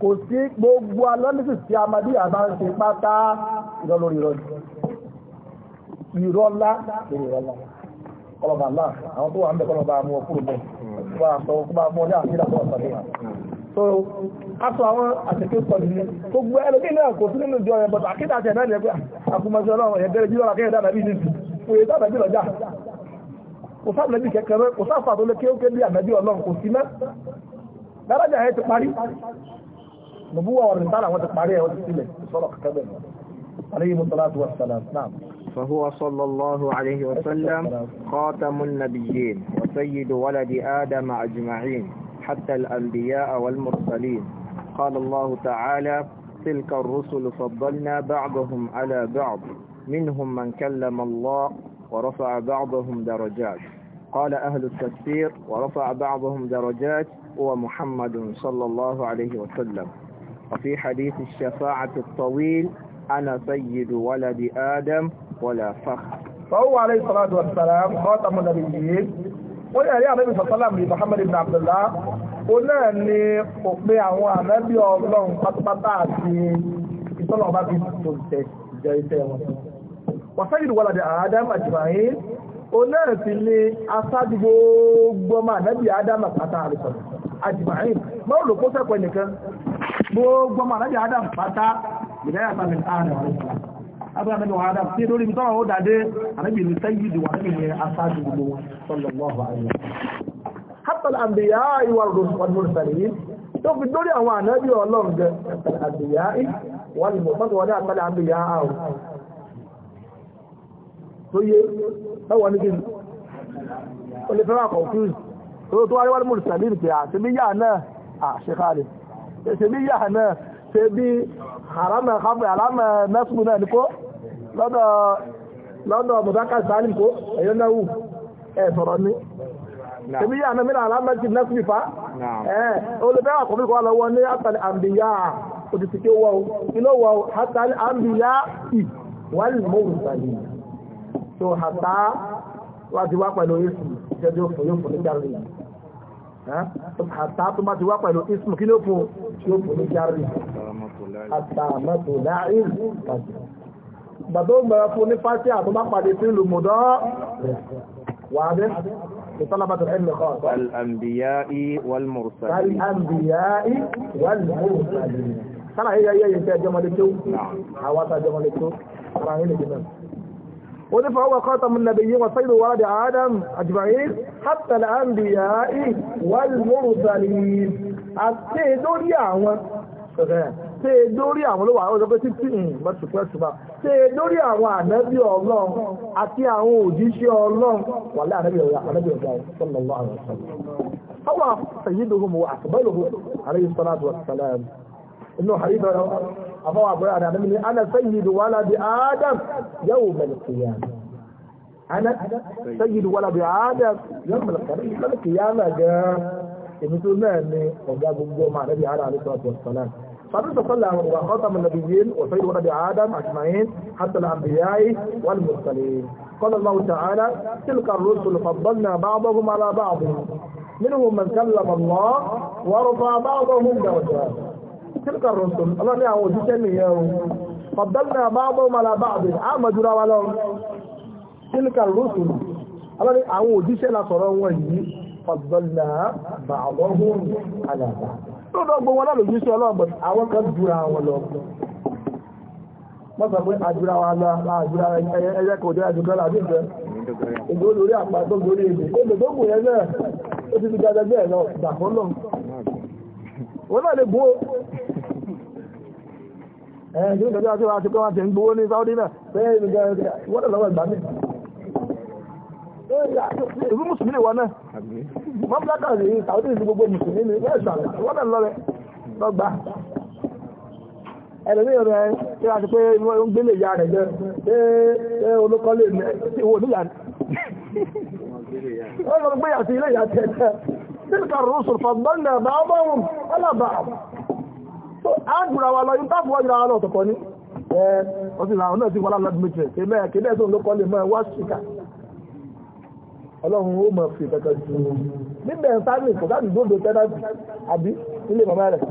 kò sí gbogbo analysis tí amadíyà bá ń ṣe pátá ìrọ́ lórí ìrọ́ ìrọ́lá lórí ìrọ́lá ọlọ́ba náà àwọn tó wà ń bẹ kọ́lọ́ba mú ọkùnrin bẹ́ẹ̀ wọ́n bá sọ wọ́n bá mú ọdẹ àti ìdàpọ̀ ọ̀sọ̀dẹ̀ so aṣọ àwọn àtẹ̀kẹ́ sọ nìyẹn tó gbọ́ ẹlòmíì náà kò sí nínú ìjọ yẹn bọ́tà akéde àti ẹ̀dá ìyẹn pé àkùmọ̀sọ náà yẹn bẹ̀rẹ̀ jíjọ́ akéde àdàbí ní ti kò yẹ sábà bí lọ́jà kò sábà lẹ́bí kẹkẹrẹ kò sáfà tó lé kéókè bí àmẹ́bí ọlọ́run نبوة والرسالة وانت عليها وانت تسيلك بصلاة كبيرة عليه الصلاة والسلام نعم فهو صلى الله عليه وسلم خاتم النبيين وسيد ولد آدم أجمعين حتى الأنبياء والمرسلين قال الله تعالى تلك الرسل فضلنا بعضهم على بعض منهم من كلم الله ورفع بعضهم درجات قال أهل التفسير ورفع بعضهم درجات هو محمد صلى الله عليه وسلم وفي حديث الشفاعة الطويل أنا سيد ولد آدم ولا فخر فهو عليه الصلاة والسلام خاتم النبيين ويعني النبي صلى الله عليه وسلم محمد بن عبد الله òun náà ni òpin àwọn ànábì ọlọ́run pátápátá àti ìtọ́lọ̀ ọba fi tó tẹ̀ jẹ iṣẹ́ wọn. wàsáyìdì wà ládé àádámà jìmáyín òun náà sì ni aṣáájú gbogbo ọmọ ànábì àádámà pátá àrísọ̀rọ̀ àjìmáyín máa ń lò kó sẹ́kọ̀ọ́ nìkan gbogbo ọmọ àdájọ́ adam pátá ìdáyà sami ààrẹ wà lẹ́sọ̀lá abúlé àmì wà adam tí lórí ìtọ́rọ̀ ó dàdé ànábì ní sẹ́yìn ìdìwà nínú ìyẹn aṣáájú wọ́n wà lẹ́yìn hatta al-anbiya wal mursalin tó fi dórí àwọn ànábì ọlọ́run hatta al-anbiya wal mursalin hatta al-anbiya àwọn tó yé báwọn ní kí ni ó lè fẹ́ràn confuse tó tó wáyé wal mursalin pé àti níyà náà àṣekáre ṣebí yà náà ṣebí àrámà hamri àrámà násùmù náà nìkó lọ́dọ̀ lọ́dọ̀ mùdákà sálìm kó ẹ̀yọ́ náà wù ẹ̀ sọ̀rọ̀ ní ṣebí yà náà mìíràn àrámà ti násùmù fa ẹ̀ olùfẹ́ àkọ́bí kọ́ lọ́wọ́ ní àtàlẹ̀ àmbìyà òtítìké wọ́ o ilé wọ́ o àtàlẹ̀ àmbìyà ì wọ́n mọ̀ òǹtàlì tó hàtà wájú wá pẹ̀lú yéṣù ìjẹ́jọ́ fún yóò fún ní àtàtù máa ti wá pẹ̀lú ismu kí ló fún tí ó fún ní járì àtàmọ́tò láàrín pàtó bàtó gbẹ̀rẹ̀ fún ní pàtí àtọ́ bá pàdé sí ìlú mọ̀dọ́ wà ní ìtọ́lábàtò ẹ̀mì kan al-anbiya'i wal-mursalin al-anbiya'i wal-mursalin sára yíyá yẹ́yẹ́ ìfẹ́ ẹjọ́mọlẹ́kẹ́ àwọn àtàjọmọlẹ́kẹ́ ara yìí nìkan وني فهو خاتم النبيين وسيد ولد آدم أجمعين حتى الأنبياء والمرسلين àtẹ́ẹ̀dórí àwọn tẹ́ẹ̀dórí àwọn ló wà ó sọpé títí mọ́tùpẹ́sùpá hmm, tẹ́ẹ̀dórí àwọn ànábì ọlọ́run àti àwọn òjíṣẹ́ ọlọ́run wà lẹ́ ànábì ọ̀gá sọ́lọ́lọ́ àwọn ọ̀sán. ọwọ́ àfẹ́yìndógún mọ́ àtàbẹ́lògún àbá wà bọ́ra àdàmì ni ana sayyidu waladi adam yawmal qiyamah ana sayyidu waladi adam yawmal qiyamah gan èmi tó náà ni ọ̀gá gbogbo ọmọ àdàbí ara àlùsọ̀ àti ọ̀sán náà. فقد صلى وخاتم النبيين وسيد ولد آدم أجمعين حتى الأنبياء والمرسلين قال الله تعالى تلك الرسل فضلنا بعضهم على بعض منهم من كلم الله ورفع بعضهم درجات kílùkà rọ̀sùn ọlọ́ni àwọn òṣìṣẹ́ nìyẹn o ọ̀dọ́nà àbábọ́ malabáàbì àmàjúra wa lọ kílùkà rọ̀sùn ọlọ́ni àwọn òṣìṣẹ́ la sọ̀rọ̀ wọn yìí ọ̀dọ́nà bàbọ́hùn alàbà tó dọ́gbọ́n wọn lọ́lọ́ òṣìṣẹ́ ọlọ́ọ̀bọ̀ àwọn kan dúra wọn lọ mọ́sàn pé àjúra wa lọ àjúra ẹyẹ kò dé àjúkọ́ làbí ìfẹ́ ìgbó lórí àpá tó gorí èdè kó lè gbógun yẹn náà ó ti fi gàdẹ́gbẹ́ ẹ̀ lọ gbàgbọ́ náà wọ́n náà lè gbó ẹ̀ẹ́ tí ó tẹ̀lé àti wọ́n ti kọ́ wọ́n ti ń gbówó ní Saudi náà bẹ́ẹ̀ ni wọ́n tẹ̀lé lọ́wọ́ ìgbà mi ìlú mùsùlùmí lè wọ́n náà Saudi ìlú gbogbo mùsùlùmí ni wọ́n ṣàlẹ̀ wọ́n tẹ̀lé lọ́rẹ̀ lọ́gbà ẹ̀lẹ́mí rẹ̀ tí a ti pé ń gbélé ìyá rẹ̀ jẹ́ pé olókọ́ lè mẹ́ tí wo níyà ní wọ́n lọ gbé yà sí ilé ìyá tẹ̀lé تلك الرسل فضلنا بعضهم على بعض agbùra wa lọ yí táàfù wájú ara lọ́tọ̀ kọ́ ní ẹ ọdún àwọn náà ti wọ́n lọ́dún méjì rẹ̀ kèmẹ́ kèdè tó ń lókọ́ lè mọ́ ẹwà ṣìkà ọlọ́run ó mọ̀ fi kẹ̀kẹ́ jù ú níbẹ̀ ń sáré kò sáàdì dóde tẹ́láǹtì àbí nílé bàbá rẹ̀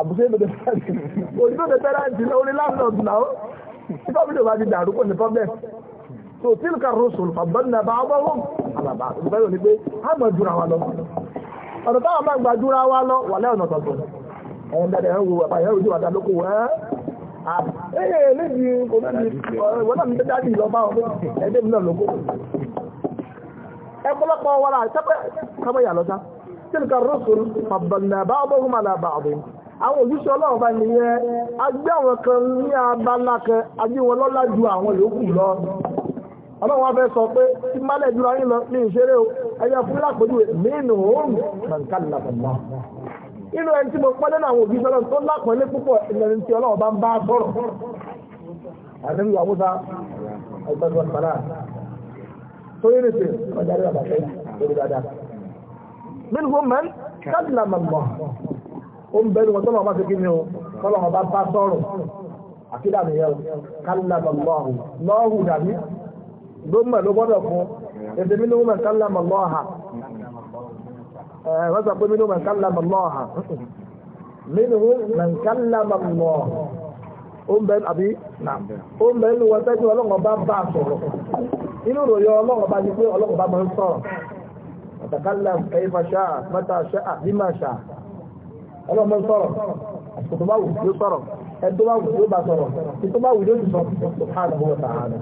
àbùsẹ́ ìdòdó tẹ́láǹtì òdòdó tẹ́láǹtì náà orí láàrín ọ̀dún náà tí pọ́bílì bá ti dàrú kò ní pọ́bẹ̀m so tílkà rọ́sùn fàbọ́n náà bá ọgbọ́n àbàbà ìgbẹ́rù ni ọ̀nà táwọn máa gbàdúrà wá lọ wà lẹ́ọ̀nà tọ̀tọ̀ ẹ̀yìn dáadáa wà pàyẹ̀ ojú àdá lóko ẹ̀ ẹ̀yẹ̀ léjì àwọn ọlọ́wọ́ abẹ́ sọ pé tí málẹ̀ jùlọ yín lọ ní ìṣeré o ẹ̀yà fún lápòjúwe mínú òun mọ̀nkálà bàbá inú ẹni tí mo pẹ́ nínú àwọn òbí sọ́lọ́ tó lápọ̀lé púpọ̀ ìlànà tí ọlọ́wọ́ bá ń bá sọ̀rọ̀ àdébí wà múta ẹgbẹ́gbẹ́ sàrà tó yé nìṣe ọjà rẹ̀ bàbá sẹ́yìn lórí dáadáa mínú fún mẹ́n kálà bàbá ó ń bẹ́ẹ̀ wọn tọ́lọ́ bá ṣe kí gómìnà ló gbọ́dọ̀ fún èdè mi ní wọ́n máa ń kálá mọ̀ lọ́ọ̀hà wọ́n sọ pé mi ní wọ́n máa ń kálá mọ̀ lọ́ọ̀hà mi ní wọ́n máa ń kálá mọ̀ lọ́ọ̀hà ó ń bẹ àbí ó ń bẹ ní wọn tẹ́jú ọlọ́run bá bá sọ̀rọ̀ inú ìròyìn ọlọ́run bá ní pé ọlọ́run bá máa ń sọ̀rọ̀ àtàkálà kayfa sha'a mata sha'a bima sha'a ọlọ́run máa ń sọ̀rọ̀ àsìkò tó bá wù yóò sọ̀rọ̀ ẹ̀dọ́ bá wù yóò bá sọ̀rọ̀ ìtọ́ bá wù yóò sọ̀rọ̀ subhanahu wa ta'ala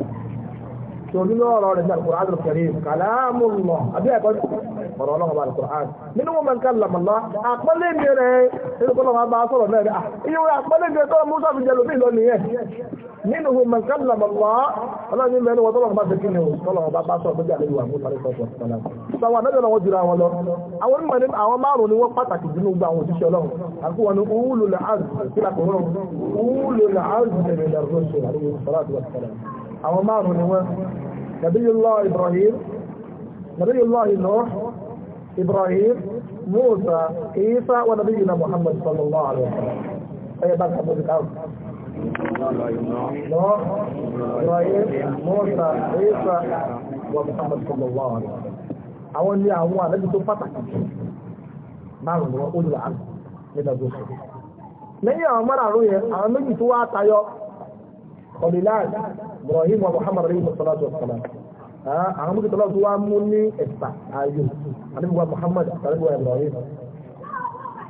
torí lọ́rọ̀ rẹ̀ al-Qur'an al-Karim kalamullah àbí ẹ̀kọ́ ọ̀rọ̀ ọlọ́run bá al-Qur'an nínú wọn man kallama Allah àpọ́lé mi rẹ̀ nínú kọ́lọ́ máa bá sọ̀rọ̀ náà ah, rẹ̀ iye wọn àpọ́lé mi kọ́ musa fi jẹlómi lọ nìyẹn nínú wọn man kallama Allah ọlọ́run mi mẹ́rin wọn tọ́lọ́ bá fi kíni o tọ́lọ́ bá bá sọ̀rọ̀ méjì àlejò àwọn mọ́tàlẹ́ sọ̀rọ̀ sọ̀rọ̀ sọ̀rọ̀ anájọ́ náà wọ́n jura wọn lọ àwọn mímọ̀ ní àwọn márùn-ún ni wọ́n pàtàkì nínú gba àwọn márùn ni wọ́n nabiyullah ibrahim nabiyullah nuh ibrahim musa isa wa nabiyuna muhammad sallallahu alaihi wasallam ẹ̀yẹ bá kàbọ̀ ìkàwọ̀ نوح إبراهيم موسى عيسى ومحمد صلى الله عليه وسلم àwọn ní àwọn àlejò tó pàtàkì márùn ún olùwà nínú ọdún lẹ́yìn àwọn márùn-ún yẹn àwọn méjì tó wá tayọ kọlilal ibrahim wa muhammad alayhi salatu wa salam àwọn mú tọ́lá tó wá mú ní ẹ̀sà ayò àdébùwà muhammad àtàlẹ́bùwà ibrahim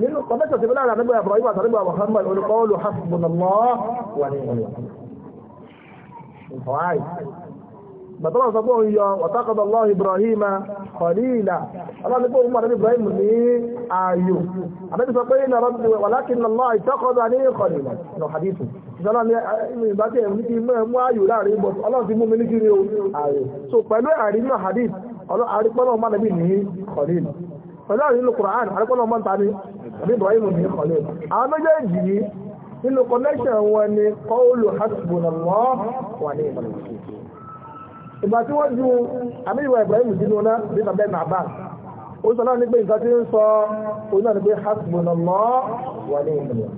nínú kọ́mẹ́tọ̀ tí lára àdébùwà ibrahim àtàlẹ́bùwà muhammad olùkọ́ olùhàfùbùnàmọ́ wà ní ìwọ̀n bàtọ́lá sọ pé òun yọ ọ̀tákọ̀dọ̀ lọ́ Ibrahim kọ̀líìlà ọlọ́ni pé òun mọ̀ níbi Ibrahim ní ààyò àbẹ́bí sọ pé ìnà rọ́bì wàlákin lọ́ ìtọ́kọ̀dọ̀ ní kọ̀líìlà nù hadithu ìṣọ́lá ní ìbátí ẹ̀mí ti mú ààyò láàrin bọ̀ ọlọ́run ti mú mi ní kiri o ààyò so pẹ̀lú àrí nínú hadith àrípọ́nà ọmọ ìgbà tí wọ́n ju àmìwà Ibrahim sínú ọ̀nà bí bàbá ìmà bá ó sọ náà ní pé nǹkan tí ń sọ ó náà ní pé hasbunallah wà ní ìmìnira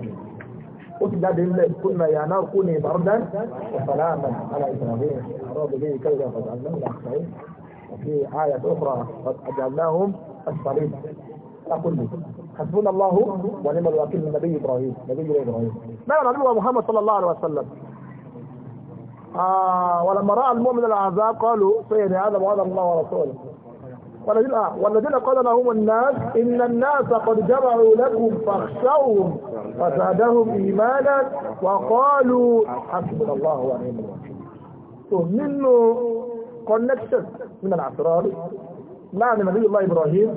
ó ti jáde ńlẹ̀ kó nà yà náà kó ní ìbárúdán ọ̀sán àmà àlà ìsàlẹ̀ àrọ̀ bèbè ìkẹyà ọ̀sán àlà àkàrẹ́ في آية أخرى قد أجعلناهم الصليب أقول لك حسبنا الله ونعم الوكيل النبي إبراهيم نبي إبراهيم ما نبي محمد صلى الله عليه وسلم آه ولما رأى المؤمن العذاب قالوا فين هذا وهذا الله ورسوله والذين آه والذين قال لهم الناس إن الناس قد جمعوا لكم فاخشوهم فزادهم إيمانا وقالوا حسبنا الله ونعم الوكيل. منه كونكشن من الأسرار láàrin nàbíyùlá ibrahim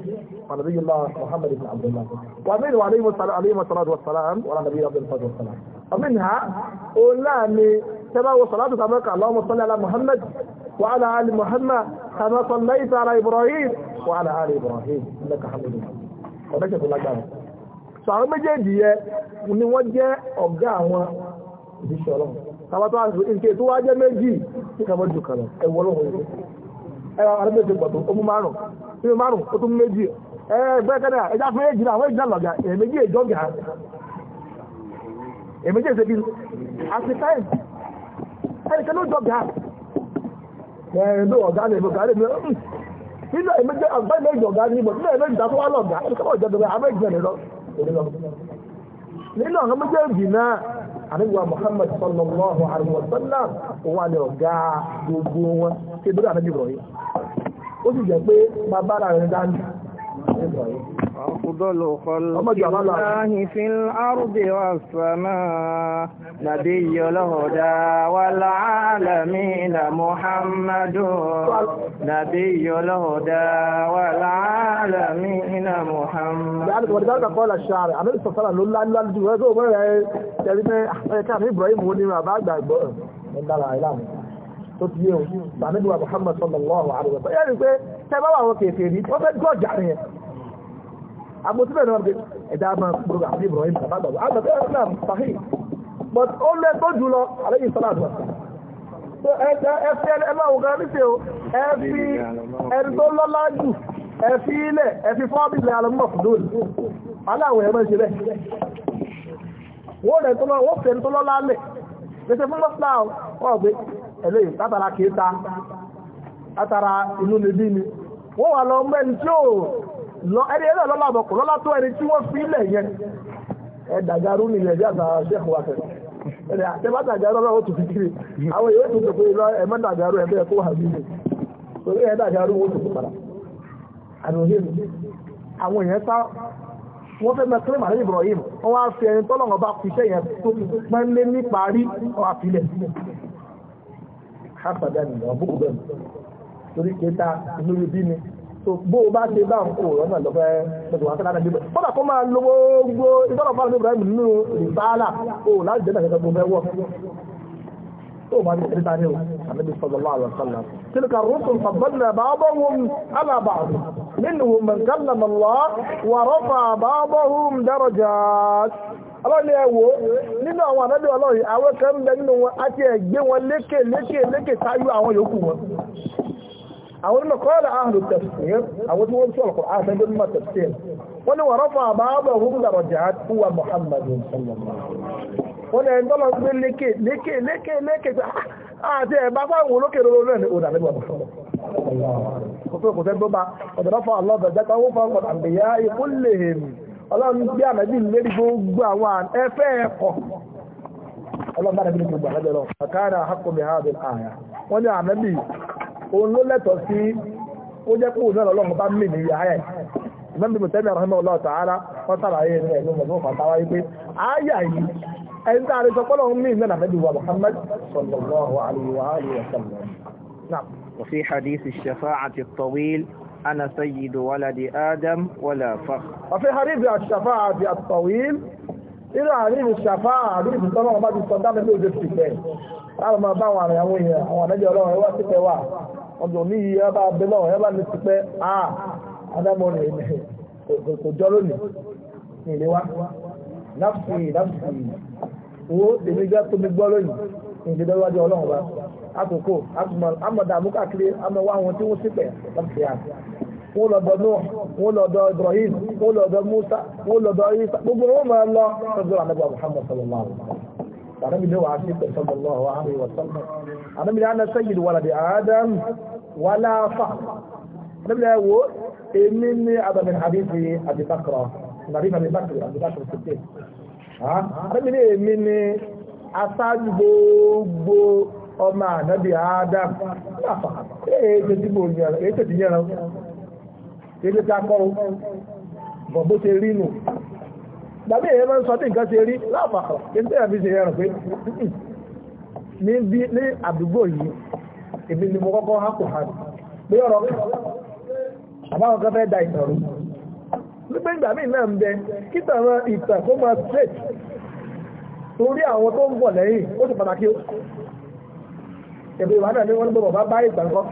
wà nàbíyùlá muhammad ibn abdullah wà mí wà alayhi wasallam alayhi wasallam wa salam wà nàbíyùlá abdullah wa salam ọmọdé ha ó láàrin tẹ́lá wo salatu tamaka allahumma salli ala muhammad wa ala ali muhammad kama sallaita ala ibrahim wa ala ali ibrahim innaka hamid ọ̀dọ́ kẹfù lágbára so àwọn méjèèjì yẹ ni wọ́n jẹ́ ọ̀gá àwọn ìdíṣẹ́ ọlọ́run tàbátọ́ àti ìkẹ́ tó wá jẹ́ méjì tí kàbọ̀ jù kàlọ̀ ẹ̀wọ̀ ọlọ́run yìí ẹwà àwọn méje gbọ̀tọ̀ ọmú márùn nínú márùn ó tún méjì ẹgbẹ́ kẹ́dà ẹjá fún èjì náà àwọn èjì náà lọ̀gà èméjì èjọ́ gà èméjì èsè bí àti táìm ẹnìkan ló jọ gà ẹ̀rìn ló ọ̀gá lè gbọ̀gá lè mìíràn nínú èméjì àgbá ìmẹ́jì ọ̀gá ní ìbọ̀ nínú èméjì tó wá lọ̀gá ẹnìkan ló jọ gà àmẹ́jì nínú àwọn méjèèjì náà àníwá Muhammad sallallahu alaihi wa sallam wà ní ọ̀gá gbogbo wọn ṣe bí ó dà níbi ó sì jẹ́ pé bàbá rẹ̀ dání ìrọ̀yìn. أفضل خلق الله في الأرض والسماء نبي الهدى والعالمين محمد نبي الهدى والعالمين محمد يعني ولذلك قال الشاعر عن الصلاة لولا إلا الجواد يعني كان إبراهيم ونما بعد من دار العالمين tó ti yé o tàbí Muhammad sallallahu alaihi wa sallam yẹ́nì pé tẹ́ bá wà agbósílẹ̀ náà gbé ẹ̀dá máa gbogbo àti Ibrahim àbágbàgbà àgbàgbà Islam sahih but ó lẹ́ tó jùlọ àlẹ́yìn sọ́làdùn ẹ̀fẹ́ ẹlọ́wọ̀n gan nífẹ́ o ẹ̀fí tó lọ́lá jù ẹ̀fí ilẹ̀ ẹ̀fí aláwọ̀ wọ́n tó lọ́lá lẹ̀ fún mọ́sílá ọ̀gbẹ́ lọ ẹni ẹlẹ́ lọ́la àbọ̀kù lọ́la tó ẹni tí wọ́n fi ilẹ̀ yẹn ẹ dàgàrú ní ilẹ̀ bí àgbà ṣẹ́kù wa fẹ́ ẹni àtẹ́bá dàgàrú ọlọ́run ó tù fi kiri àwọn èèyàn tún tó pé lọ ẹ má dàgàrú ẹ bẹ́ẹ̀ kó wà bí ilẹ̀ torí ẹ dàgàrú ó tù fi padà àdòhé mi àwọn èèyàn sá wọ́n fẹ́ mẹ́kílẹ̀ màrí Ibrahim wọ́n wá fi ẹni tọ́lọ̀ ọba fiṣẹ́ yẹn tó pẹ́lẹ́ ní parí ọ̀hà filẹ̀ hápàdà nìyàn búkú bẹ́ẹ̀ torí kéta inú ibi ni so bó o bá ṣe bá ń kó ọ̀rọ̀ náà lọ́fẹ́ lọ́dọ̀ wá sẹ́lá nàìjíríà kọ́dà kó máa lo gbogbo ìtọ́nà fún Ibrahim nínú ìbáàlà o láti àwọn ànábì ọlọ́rin àwọn kan ń bẹ nínú wọn á ti ẹ̀ gbé wọn lékè lékè lékè táyú àwọn yòókù wọn àwọn olùkọ́lá ahlu tafsir àwọn tí wọ́n sọ al-Qur'an àti ẹgbẹ́ mímọ̀ tafsir wọ́n ni warafa ba'da hum darajat huwa Muhammadun sallallahu alaihi wasallam wọ́n ni ẹni tọ́lọ sí lékè lékè lékè lékè àti ẹ̀bá fáwọn olókè lóró náà ni òdà nígbà mọ̀sánmọ̀ kò tó kò tẹ́ tó bá ọ̀dọ̀ òun ló lẹ́tọ̀ọ́ sí ó jẹ́ kó náà lọ́lọ́run bá mì níyà ẹ̀ ìmọ̀bí mùtẹ́mì àrùn ọlọ́ tààrà wọ́n sàlàyé ẹ̀rọ ẹ̀lú mọ̀tò fàtàwá yìí pé àyà yìí ẹni tá a lè sọ pé mìíràn náà nàbẹ́bí wa Muhammad sallallahu alayhi wa alihi wa sallam. وفي حديث الشفاعة الطويل أنا سيد ولد آدم ولا فخر وفي حديث الشفاعة الطويل إلى حديث الشفاعة حديث الصلاة ما بيصدق من وجود الشفاعة قال ما باوا يا وين وانا جلوه واسكت واه ọdún mi yìí ẹbá abẹ́lọ́ ẹbá mi ti pẹ́ à adámọ́ni ẹ̀mẹ́ kò jọ lónìí ní ilé wa láfì láfì owó èmi gbẹ́ tó mi gbọ́ lónìí ní ìdí dọ́wọ́dé ọlọ́run wa àkókò àmọ̀dà àmúkàkiri àmọ̀wá àwọn tí wọ́n ti pẹ̀ láfì yà wọ́n lọ́dọ̀ Nuh wọ́n lọ́dọ̀ Ibrahim wọ́n lọ́dọ̀ Musa wọ́n lọ́dọ̀ Isa gbogbo wọn máa lọ sọ́dọ̀ ànábì Muhammad sallallahu alaihi wasallam ànábì ní wàá sí pẹ̀ sallallahu alaihi wasallam ànábì ní àná sayyid waladi Adam wàlá fà níbẹ̀ wo èmi ní abàmì àbífi àbíbákọ̀rọ̀ nàbíbà mi bákìrì àbíbákọ̀rọ̀ tètè níbi ní èmi ní aṣáájú gbogbo ọmọ ànábì Adam láfà èyí tó ti bò yẹn èyí tó ti yẹn lọ èyí tó ti akọrọ bọ̀ bó ṣe rí nù dàbí èyí máa ń sọ tí nǹkan ṣe rí láfà èyí tó yẹn fi ṣe yẹn pé hmm, hmm, hmm, ní àdúgbò yìí èmi ni mo kọ́kọ́ hàn kò hàn pé ọ̀rọ̀ àbáwọn kan fẹ́ da ìtọ̀rù wípé ìgbà míì náà ń bẹ kíta àwọn ìtàn kó máa straight torí àwọn tó ń bọ̀ lẹ́yìn ó sì pàtàkì ó èbè ìwà náà ní wọ́n ń bọ̀ bàbá bá ìgbà ńkọ́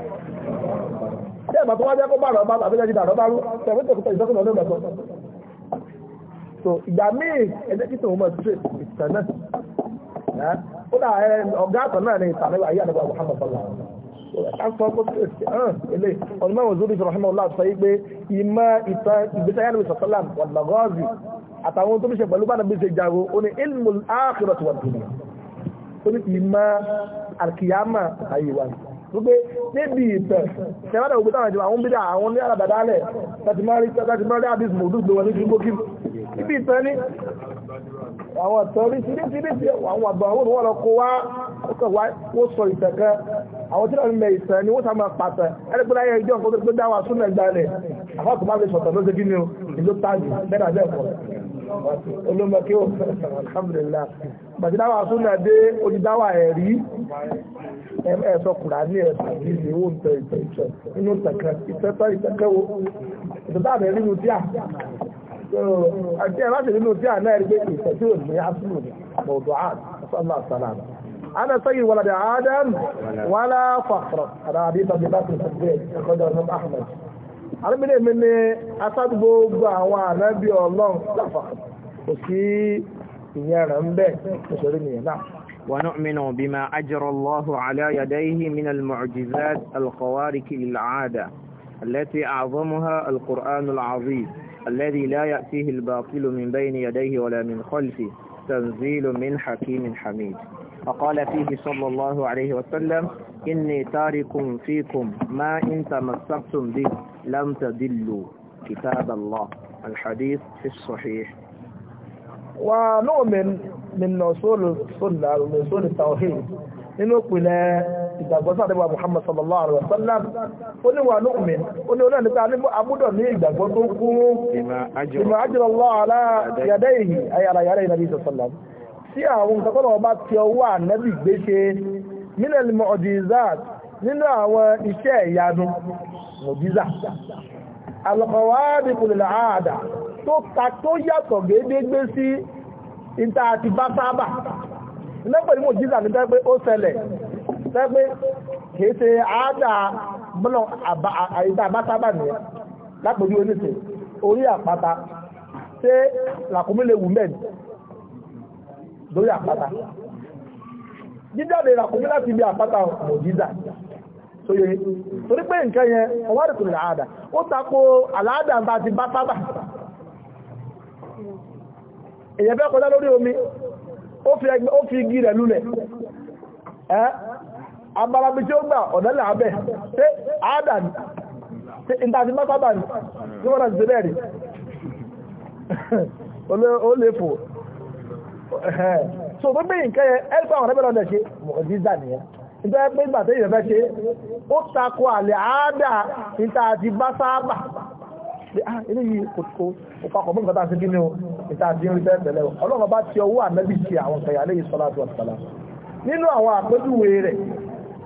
tí ẹ̀bà tó wá jẹ́ kó bá rọ̀ bá bàbá jẹ́ ìdàrọ̀ bá rú tẹ̀wé tẹ̀kú tẹ̀ ìdọ́kùnrin ọdún mẹ́sọ̀ so ìgbà míì ẹjẹ́ kíta òun máa straight ìtàn náà ó dà ọ̀gá àtàn náà ní ìtàn ọ̀nàmọ̀ zuri ṣọ̀rọ̀hánà ọlá sọ wípé ìmá ìgbésẹ̀ yánà ìsọ̀ sọ́lá wàlọ́gọ́ọ̀zì àtàwọn tó bí ṣe pẹ̀lú bánà bí ṣe jago ó ní ilmù áàkìrọ̀tì wà dùnú ó ní ìmá alkiyama àyíwá wípé níbi ìfẹ́ ṣẹ̀wádà ògbé táwọn ìjọba àwọn bídà àwọn ní alàbàdálẹ̀ láti máa rí àdìs mọ̀dúgbò wọn ní àwọn àtọ́rí tí dé tí àwọn àgbà àwọn lọ kó wá ó sọ ìtẹ̀kẹ́ àwọn tí wọ́n mẹ ìtẹ̀ ni wọ́n sá máa pàtẹ ẹ̀rẹ́gbẹ́lá yẹ ìjọ nǹkan tó o ìlú táàgì bẹ́ẹ̀ náà bẹ́ẹ̀ kọ́ olómọkí ó alhamdulillah bàtí dáwà súnmọ̀ dé odidáwà ẹ̀rí ìtẹ̀ ìtẹ̀ ìtẹ̀ الشيخ راشد انه فيها ناير بيتي ستون يعبدون موضوعات نسال الله السلامه انا سيد ولد ادم ولا فخر انا حديث ابي بكر الصديق قدر من احمد على من من اسد بوغو اوا نبي الله لا فخر وفي يرم به شرني لا ونؤمن بما اجر الله على يديه من المعجزات الخوارق للعاده التي اعظمها القران العظيم الذي لا يأتيه الباطل من بين يديه ولا من خلفه تنزيل من حكيم حميد فقال فيه صلى الله عليه وسلم إني تارك فيكم ما إن تمسكتم به لم تدلوا كتاب الله الحديث في الصحيح ونؤمن من أصول السنة ومن أصول التوحيد إنه ìpìlẹ̀ ìgbàgbọ́ sáà dẹ́gbà Muhammad sallallahu alaihi wa sallam ó ní wà lóòmí ó ní olóòmí ta ní abúdọ̀ ní ìgbàgbọ́ tó kún ìmọ̀ ajọ́lọ́ aláyàdẹ́ yìí ayàlàyàdẹ́ yìí nàbí sallam sí àwọn nǹkan tó lọ́wọ́ bá ti ọwọ́ ànábì gbé ṣe nílẹ̀ mu'jizat nínú àwọn iṣẹ́ ìyanu mu'jiza alọ́kọ̀wádìí kùlẹ̀ àádà tó ta tó yàtọ̀ gédégbé sí ìta àti bá sábà lẹ́pẹ̀lú mu'jiza nígbà pé ó ṣẹlẹ̀ sẹ́gbẹ́ kìí ṣe àádà àìdá àbásábà nìyẹn lápòjú oníṣẹ́ orí àpáta ṣé làkúnmílẹ̀ wù lórí àpáta jíjáde làkúnmí láti ibi àpáta mọ̀jíjà tó torí pé nǹkan yẹn ọwọ́dì kò ó tako àláàdà ti lórí omi ó fi igi rẹ̀ abarabi tí ó gbà ọ̀dọ́lẹ̀ abẹ́ pé àádà tí ìtàtí mọ́sábà ní tí wọ́n náà rí *laughs* ó lè fò so tó gbẹ̀yìn kẹ́yẹ ẹ́lẹ́pẹ́ àwọn ọ̀rẹ́bẹ̀rẹ̀ ọ̀dẹ̀ ṣe mọ̀ọ́díza nìyẹn nítorí pé ìgbà tó yẹ̀fẹ́ ṣe ó takò àlẹ́ àádà ìtàtí bá sábà pé ah eléyìí kò papọ̀ mọ́ nǹkan tá a ti kí ni o ìtàtí ń rí bẹ́ẹ̀ tẹ̀lẹ́ ọlọ́run bá ti ọwọ́ ànábì ti àwọn kẹyà lẹ́yìn sọ́lá tó ọ̀tàlá nínú àwọn àpéjúwe rẹ̀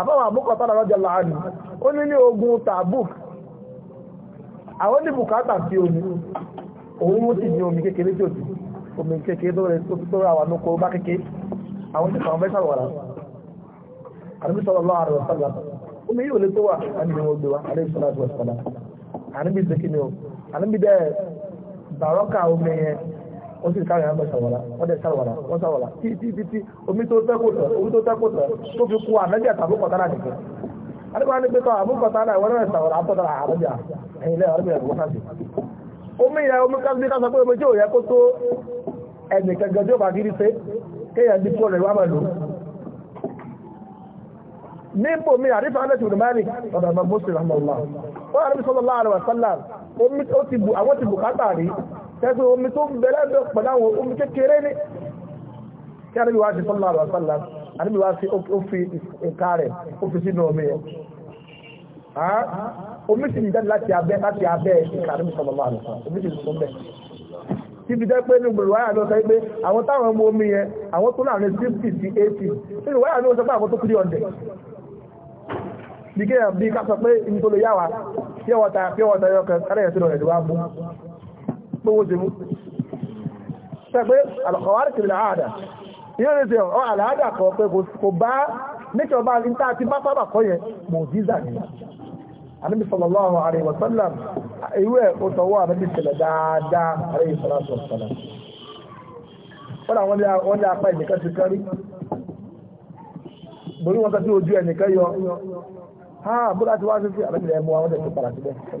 àbáwà àbúkọ̀tà lọ́jọ́ láàánú ó ní ní ogun Tabuk àwọn ní bùkátà sí omi òun mú sì ní omi kékeré tí ó ti omi kékeré tó rẹ̀ tó rà wà ní oko bá kékeré àwọn tí kàn fẹ́ sàwọ̀rà àdúgbò sọ̀rọ̀ lọ́wọ́ àrùn sọ̀rọ̀ omi yóò lè tó wà láti ní wọn wa àdúgbò sọ̀rọ̀ àti wọ̀sọ̀rọ̀ àníbi ìsèkí ni o àníbi dẹ́ wọ́n sì káyà ẹgbẹ́ sàwọ́lá wọ́n dẹ̀ sàwọ́lá wọ́n sàwọ́lá tí tí tí tí omi tó tẹ́kù tẹ̀ omi tó tẹ́kù tẹ̀ tó fi kú ànájà tàbí kọ̀tánà nìkan adébá ní pé tọ́ àbúkọ̀tánà ìwọ́n náà sàwọ́lá àtọ́tà àrọ́jà ẹ̀yìn lẹ́yìn ọ̀rẹ́bìnrin ẹ̀kọ́ sáàsì omi yẹ omi kábílí ká sọ pé omi tí ò yẹ kó tó ẹ̀mì kẹgẹ tí ó bá kiri pé kéèyàn di pọ̀ rẹ̀ wá mẹ́lò níbo mi àdífà alẹ́ tìbùdó mẹ́rin ọ̀dọ̀ ọ̀dọ̀ mọ́sílẹ̀ ọ̀dọ̀ ọ̀dọ̀ ọ̀dọ̀ ọ̀dọ̀ ọ̀dọ̀ ọ̀dọ̀ ọ̀dọ̀ ọ̀dọ̀ ọ̀dọ̀ ọ̀dọ̀ tẹ́gbẹ́ omi tó ń bẹ̀rẹ̀ bẹ̀ pẹ̀láwọn omi kékeré ní kí anábì wá sí sọ́lá àrùn àṣálà anábì wá sí ó fi ìka rẹ̀ ó fi sínú omi yẹn omi sì ń jáde láti abẹ́ láti abẹ́ ìka anábì sọ́lá àrùn omi sì ń sún bẹ́ẹ̀ títí jẹ́ pé ní gbogbo wáyà ló sọ pé àwọn táwọn ọmọ omi yẹn àwọn tó láàrin fifty sí eighty nínú wáyà ló sọ pé àwọn tó three hundred bí kéèyàn bí ká sọ pé nítorí yáwa pure water pure water yọkàn kárẹ̀ yẹn sí lọ wá mú gbówó ṣe mú ṣẹ́gbé àlọ́kọ̀wárí kìrì àádà yóò rí ṣe ọ̀ àlàádà kan pé kò bá níṣọ́ bá ní tá ti bá pápá kọ́ yẹn ni sallallahu alaihi wasallam ìwé ti wá sí sí àwọn tó padà síbẹ̀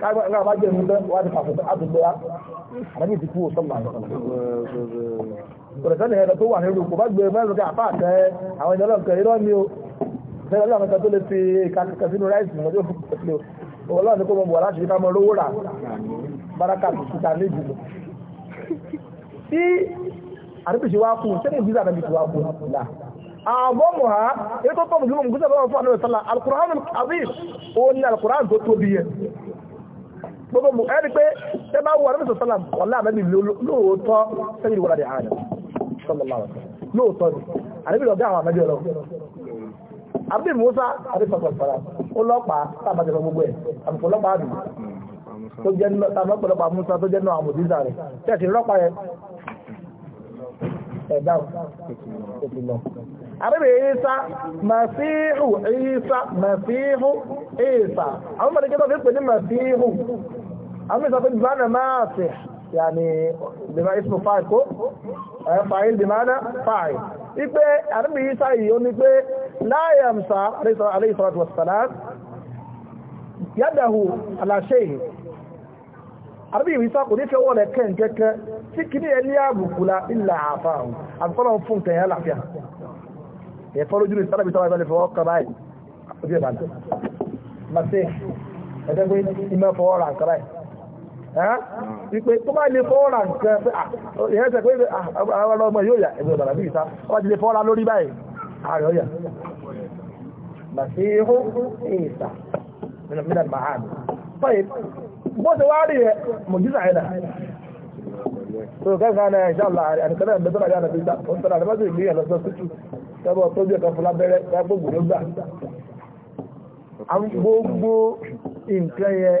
káàkiri bá jẹ́ ìrúnbẹ́ wà ní pàṣẹ àdúgbò wa àdáni ti kú òsán màá ọ̀rẹ́sẹ́ ni ẹ̀rọ tó wà nínú kò bá gbé mẹ́rin kẹ́ àpá àtẹ àwọn ìdánilọ́ nǹkan irọ́ ni o fẹ́rẹ́ láwọn nǹkan tó lè fi ìkàkẹ́ sínú ráìsì mọ́jọ́ fún ọlọ́run ní kó mọ bọ̀ láti fi ká mọ lówó rà báraka kùsùtà ní ìjùlọ tí àdébìsí wa kú sẹ́ni ìbísà àdébìsí wa kú là àbọ̀mùhá ètò tó mùsùlùmù gúúsẹ̀ bá wọn fún àdébìsí sálà alukur'an azim ó ní alukur'an tó tóbi yẹn gbogbo mú ẹni pé ẹ bá wọ́n rẹ́bẹ̀sọ̀ sọ́là kọ́lá àmẹ́bí lóòótọ́ sẹ́yìn ìwọ́n rẹ̀ ààrẹ sọ́lọ́lá lóòótọ́ ni àrẹ́bí lọ́gá àwọn àmẹ́bí ọlọ́ àbí Musa àrísọ̀tọ̀ sọ̀rọ̀ ó lọ́pàá tàbátẹ̀ lọ gbogbo ẹ̀ àbùkù lọ́pàá àdùn tó jẹ́ tàbátọ̀lọpàá Musa tó jẹ́ náà àmòdíza rẹ̀ tẹ́ẹ̀sì lọ́pàá yẹ ẹ̀dá òkú lọ àrẹ́bí Isa Masihu Isa Masihu Isa àwọn mọ̀lẹ́kẹ́ tó fi pè ní Masihu أما إذا قلت بمعنى ماسح يعني بما اسمه فاعل كو فاعل بمعنى فاعل ipe àrùbí isa yìí ó ní pé láyàmsá aléìsọ́láàtù wàsàlám yádàhù aláṣẹ́yìn àrùbí isa kò ní fẹ́ wọ́n rẹ̀ kẹ́ kẹ́kẹ́ tí kì ní ẹni àbùkùlá ilẹ̀ àfáàrùn àbùkọ́lọ̀ fún tẹ̀yẹ láfíà ẹ̀fọ́ lójú ìsáàbí tọ́wọ́ ìbẹ̀lẹ̀ fọwọ́ kọ báyìí ìpè tó bá lè fọ́ọ̀rà nǹkan pé ìyẹn tẹ̀ pé àwọn ọmọ yóò yà ẹgbẹ́ bàbá bí ìta wọ́n ti lè fọ́ọ̀rà lórí báyìí ààrẹ ọ̀yà màṣíhó ìta mìnàmìnà màhàmì báyìí bó ti wá rí rẹ̀ mọ̀jísà ẹ̀dà tó kẹ́kẹ́ náà ìjà ọ̀la àdìkẹ́lẹ́ ẹ̀mẹ́tọ́nà yára fi gbà ó ń tọ́ra àdìmọ́sí ìlú yẹn lọ́sọ́ tútù tẹ́bọ̀ tó bí ẹ̀kan fúnlá bẹ́rẹ́ gbogbo ló gbà gbogbo nǹkan yẹn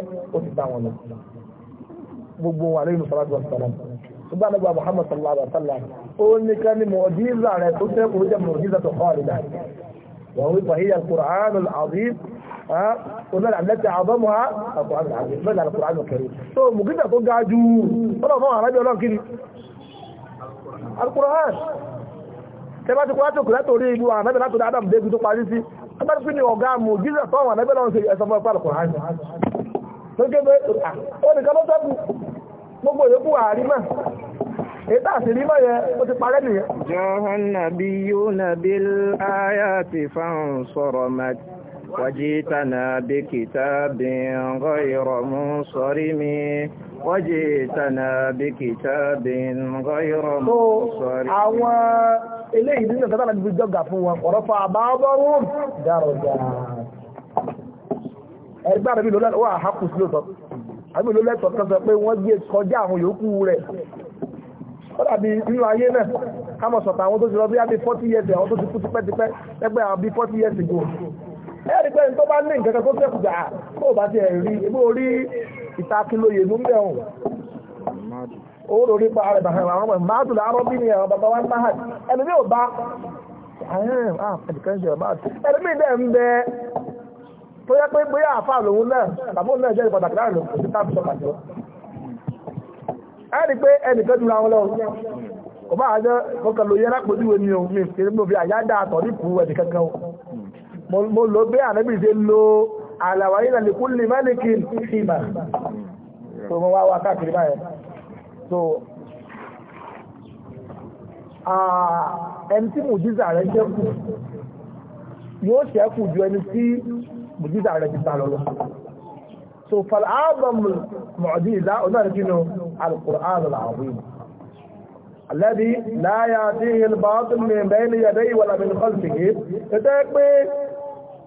gbogbo wa lẹ́yìn musalatu wa salam ṣùgbọ́n àgbà muhammad sallallahu alaihi wa sallam ó ní ká ní mọ̀ọ́díza rẹ̀ tó tẹ́ kò jẹ́ mọ̀ọ́díza tó kọ́ àrídà wọ́n wípa hiyar qur'an al-azim ọ̀nà àlẹ́tẹ̀ àbọ́mọ́ al-qur'an al-azim mẹ́lẹ̀ al-qur'an al-karim so mùgídà tó ga jù ọ̀nà fún àrábí ọlọ́run kiri al-qur'an tẹ́bá ti kúrátò kúrátò rí ibu àmẹ́bẹ̀ látò adam débi tó parí sí ọgbẹ́ni ọ̀gá mùgídà tó àwọn àmẹ́bẹ̀ lọ́run ṣe fún ẹ̀kọ́ al lókébé onìkan ló sẹ́kù gbogbo ìyókù àrímà ètà àti rímọ̀ yẹ ó ti parẹ́ nìyẹn jọ́hán nàbí yóò nàbí ayá ti fáhùn sọ̀rọ̀ mẹ́t wàjítànà bí kìtàbí ọgọ́ ìrọ̀mú sọ́rí mi wàjítànà bí kìtàbí ọgọ́ ìrọ̀mú sọ́rí mi àwọn eléyìí nínú tọ́tàlá ti fi jọ́gà fún wọn ẹgbẹ́ àrẹ́bí ló lẹ́tọ̀ wà áhàkù sí lóòtọ́ àbí ló lẹ́tọ̀ tó sọ pé wọ́n gbé kọjá àwọn yòókù rẹ̀ ó dàbí nínú ayé náà ká mọ̀ sọ̀tà àwọn tó ti lọ bí abí forty years àwọn tó ti kú tipẹ́tipẹ́ ẹgbẹ́ àwọn bí forty years ago ẹ̀rí pé tó bá ní nǹkan tó fẹ́ kùjà kó bá ti rí ebó orí ìtakilóye ló ń bẹ̀ ọ̀hún owó lórí pa ààrẹ bàhàn àwọn ọmọ ìmáàdù láàárọ̀ bí ni àwọn bàbá wa ń bá ẹni bí ò bá ah, ẹni bí ìdẹ́ ń bẹ tó yẹ pé bóyá àfáà lòun náà tàbí òun náà jẹ́ ìpàtàkì láàrin òun tí táàbù sọ̀tà jọ. ẹni pé ẹnìkan jura wọn lọ kò bá àjọ kọkàn lóye lápòjúwe ni o mi kì í mo fi àyá dáa tọ̀ ní kú ẹnì kankan o mo lo bí ànábì ṣe lo àlàwà yìí nàlẹ́ kúlì mẹ́lìkì ìmà tó mo wá wá káàkiri báyẹn so ẹni tí mo jíza rẹ jẹ́ kù yóò ṣẹ́kù ju ẹni tí mùjíza rẹ̀ ti ta lọ́lọ́ so fal'adamul mu'jiza ọ̀nà rẹ̀ kínú al-Qur'an al-Azim alladhi la ya'tihi al-batil min bayni yadayhi wala min khalfihi ètò ẹ pé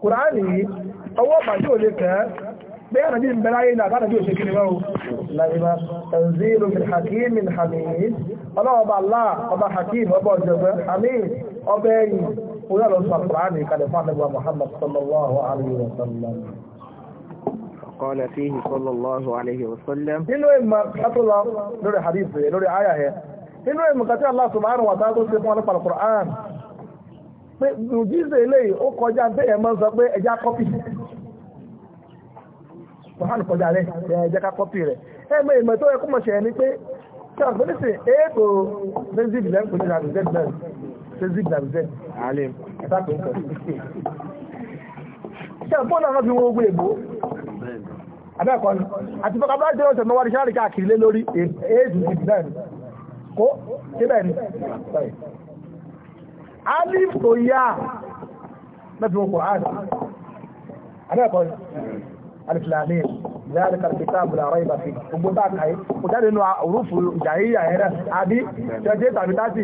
Qur'an yìí ọwọ́ bàjẹ́ òlé kẹ́ pé ànàbí ń bẹ̀rẹ̀ ayé náà tánàbí òṣèkí ni wọ́n láìmá tanzilu min hakim hamid ọlọ́ọ̀bà allah ọba hakim ọba ọ̀jọ̀gbọ́n hamid ọba ẹ̀yìn orí àlọ́ sọ àkùránì kalẹ̀ fún àdàgbà Muhammad sallallahu alayhi wa sallam. قال فيه صلى الله عليه وسلم nínú ìmọ̀ kátólà lórí hadith rẹ̀ lórí àyà rẹ̀ nínú ìmọ̀ kátí Allah subhanahu wa ta'ala tó ṣe fún ọlọ́pàá Al-Qur'an pé ìjíṣẹ́ eléyìí ó kọjá pé ẹ̀ mọ́ sọ pé ẹja kọ́pì Kùránì kọjá rẹ̀ ẹja ká kọ́pì rẹ̀ ẹ̀ mọ̀ ìmọ̀ tó yẹ mọ̀ ṣẹ̀ ni pé tẹ́sí gbàgbẹ́ alim ẹ̀sàkùn kan ṣe fún ọ̀nà fi wọ́n ogun ègbó abẹ́ẹ̀kọ́ ni àti fọ́nà bá jẹ́ ọ̀sẹ̀ mọ́wárí sáré káàkiri lé lórí èédùn ti bẹ́ẹ̀ ni kó ṣe bẹ́ẹ̀ ni alim tó yá mẹ́fì wọn kò áàdì abẹ́ẹ̀kọ́ ni alifilani ذلك الكتاب لا ريب فيه gbogbo tá a kàí kò jáde nínú òrùfù ìjà yíyà ẹ̀rẹ́ àbí ṣẹjẹ́ tàbí tásì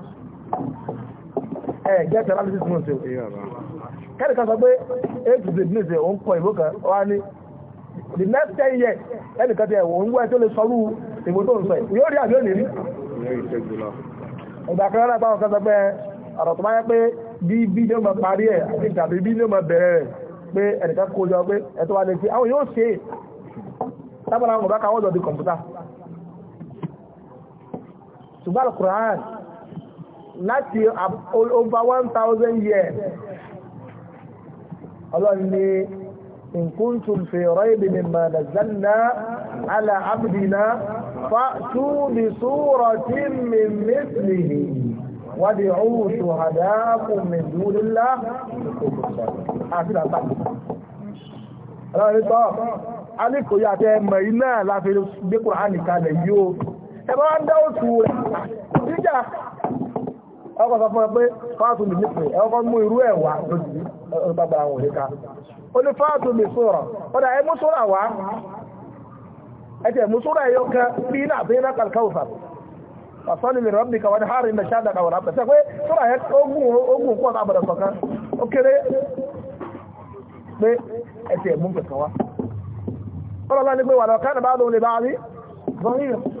ẹ̀ gẹ́ẹ̀tẹ̀ láti six months o to eight minutes the next years kan kan sọ pé ọ̀rọ̀ tó pé bí bí máa parí ẹ̀ àti bí máa bẹ̀rẹ̀ pé ẹnìkan kó jọ pé ẹ̀tọ́ wa lè fi àwọn yóò ṣe àwọn kan wọ́n láti over one thousand years ọlọ́run ní nǹkúntùn fi raybi mimma nazzalna ala abdina fa'tu bi suratin min mithlihi wadi'u shuhadaakum min dunillah àti làtàkì ọlọ́run ní tọ́ alíkòyí àti ẹmọ̀ iná láfi gbé Kùránì kalẹ̀ yìí ó ẹbá ń dá òtù rẹ̀ ọkọ̀ sọ fún ẹ pé fáàtù lè nípe mú irú ẹ̀ wá lójú ọgbàgbà àwọn òrìká ó ní fáàtù lè sọ̀rọ̀ ó dà sọ́rọ̀ wá ẹ̀tẹ̀ mú sọ́rọ̀ ẹ̀yọ kan bí iná àti iná kàlkàwùsà ọ̀sán ni rọ́bì kan wọ́n hàrin mẹ́ṣẹ́ àdàkà wọ̀rọ̀ pẹ̀sẹ̀ pé sọ́rọ̀ ẹ̀ ogun ogun kọ́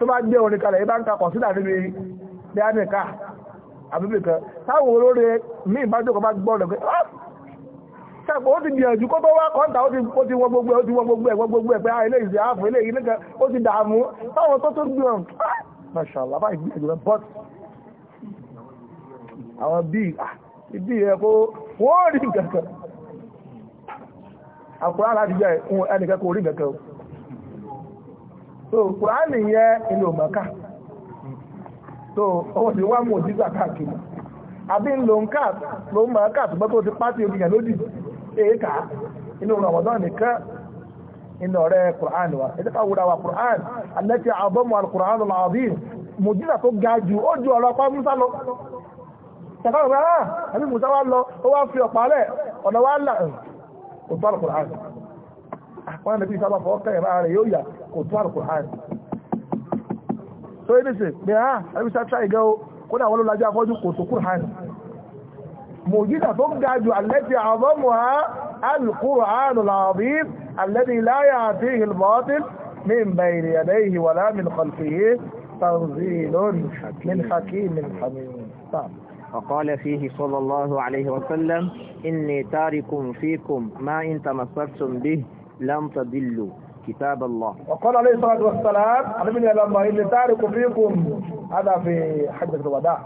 tó bá gbé orin kalẹ̀ ibá ń kakọ̀ a níbi dáníkà àbíbìkan táwọn olóore ní ìbájọ́kọ̀ bá gbọ́ ọ̀rẹ́ pé ah! ṣàpọ̀ ó ti gbìyànjú kó tó wá ó ti wọ gbogbo ẹ̀ ó ti wọ gbogbo ẹ̀ gbogbo ẹ̀ pé ilé ilé yìí ó ti dààmú táwọn tó tó gbìyànjú ah! so kùránì yẹ ilé òmọ̀ká so owó ti wá mú òjígbà káàkiri àbí ń lo ń káà ló ń mọ̀ káà tó gbọ́tò ti pátí obìnrin lódì èékà inú Ramadan nìkan inú ọ̀rẹ́ kùránì wa ẹ̀dẹ́ ká wúra wa kùránì alẹ́tí àbọ́mù alkùránì làbíin mùjígbà tó ga jù ó ju ọ̀rọ̀ ọpá Musa lọ sàkàrọ̀ pé ah àbí Musa wá lọ ó wá kò tó Al-Qur'an so ní sè pé á ah, ẹbíṣà tíra ìgẹ́ o kó dà wọ́n ló lajú afọ́jú kò tó Qur'an mùjídà tó ń ga jù alẹ́tì àbọ́mù ha Al-Qur'an al-Azim alladhi la ya'tihi al-batil min bayni min khalfihi تنزيل من حكيم حميد فقال فيه صلى الله عليه وسلم إني تارك فيكم ما إن تمسكتم به لم تضلوا كتاب الله وقال عليه الصلاة والسلام أنا من لما إني تارك فيكم هذا في حجة الوداع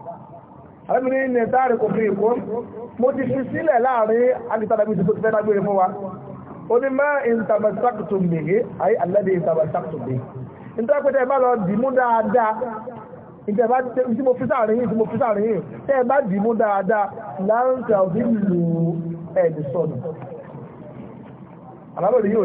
أنا من إني تارك فيكم متفصل لاري أن تنبي تتفين أبي فوا ولما إن تمسكتم به أي الذي تمسكتم به إن تأكد إبالا ديمو دادا ìjẹ́ bá tí mo fi sáàrin yìí tí mo fi sáàrin yìí tẹ́ bá dì mú dáadáa láńkà òbí lù ẹ̀dì sọ̀nù alábòrò yìí ò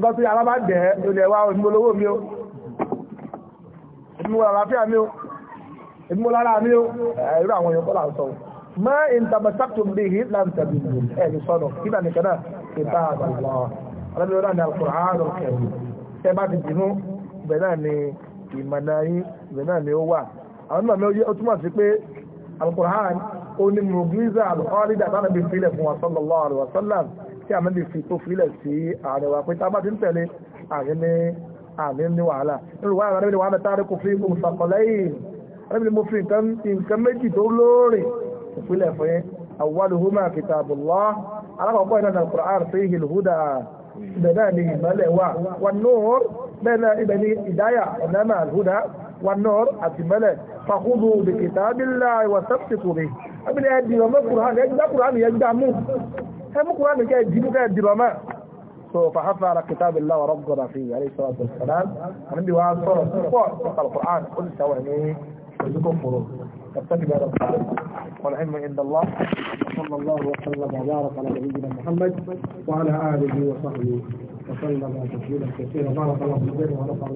gbọ́ tí ara bá dẹ̀ olè wa ìmúlówó mi o ìmúlò àlàáfíà mi o ìmúlò ara mi o ẹ̀rọ àwọn èèyàn kọ́lá ń sọ mọ́ ìntàbẹ̀sàtò bí i láǹtàbí ẹ̀rì sọ́nà kíbà nìkan náà ti bá àgbàlá alábẹ́rẹ́ náà ni alukùránù kẹrì tẹ́ bá ti dìnnú ibẹ̀ náà ni ìmọ̀nà yín ibẹ̀ náà ni ó wà àwọn náà ni ó túmọ̀ sí pé alukùránù ó ní mùgírísà alukọ́rí dàtà nàbí fílẹ̀ fún wa sallallahu alaihi wa tí àmẹ́bí fi tó fílẹ̀ sí ààrẹ wa pé tábà tí ń tẹ̀lé ààrẹ ní ààrẹ ní wàhálà nínú wàhálà rẹ̀ wàhálà táàrí kò fi ohun sàkọlẹ́yìn rẹ̀ mo fi nǹkan méjì tó lóòrè ìpínlẹ̀ fún yẹn awwaluhuma kitabullah alákọ̀ọ́kọ́ iná na Qur'an fi hil huda ibẹ̀ náà ni ìmọ̀lẹ̀ wà wan nur bẹ́ẹ̀ náà ibẹ̀ ni ìdáyà ọ̀nàmà alhuda wan nur àti ìmọ̀lẹ̀ fàkúdù bi kitabillahi wa sabtiku bi ẹbí ni ẹbí ọmọ Qur'an ẹgbẹ́ Qur'an yẹn gbà mú فمقرآن كان يجيبه كان يجيبه سو فحفى على كتاب الله وربنا فيه عليه الصلاة والسلام عندي وعاد صورة صورة صورة القرآن كل سوهنيه وزكم فروض فابتكب هذا القرآن والعلم عند الله صلى الله وسلم وبارك على نبينا محمد وعلى آله وصحبه وسلم تسليما كثيرا بارك الله فيكم الدين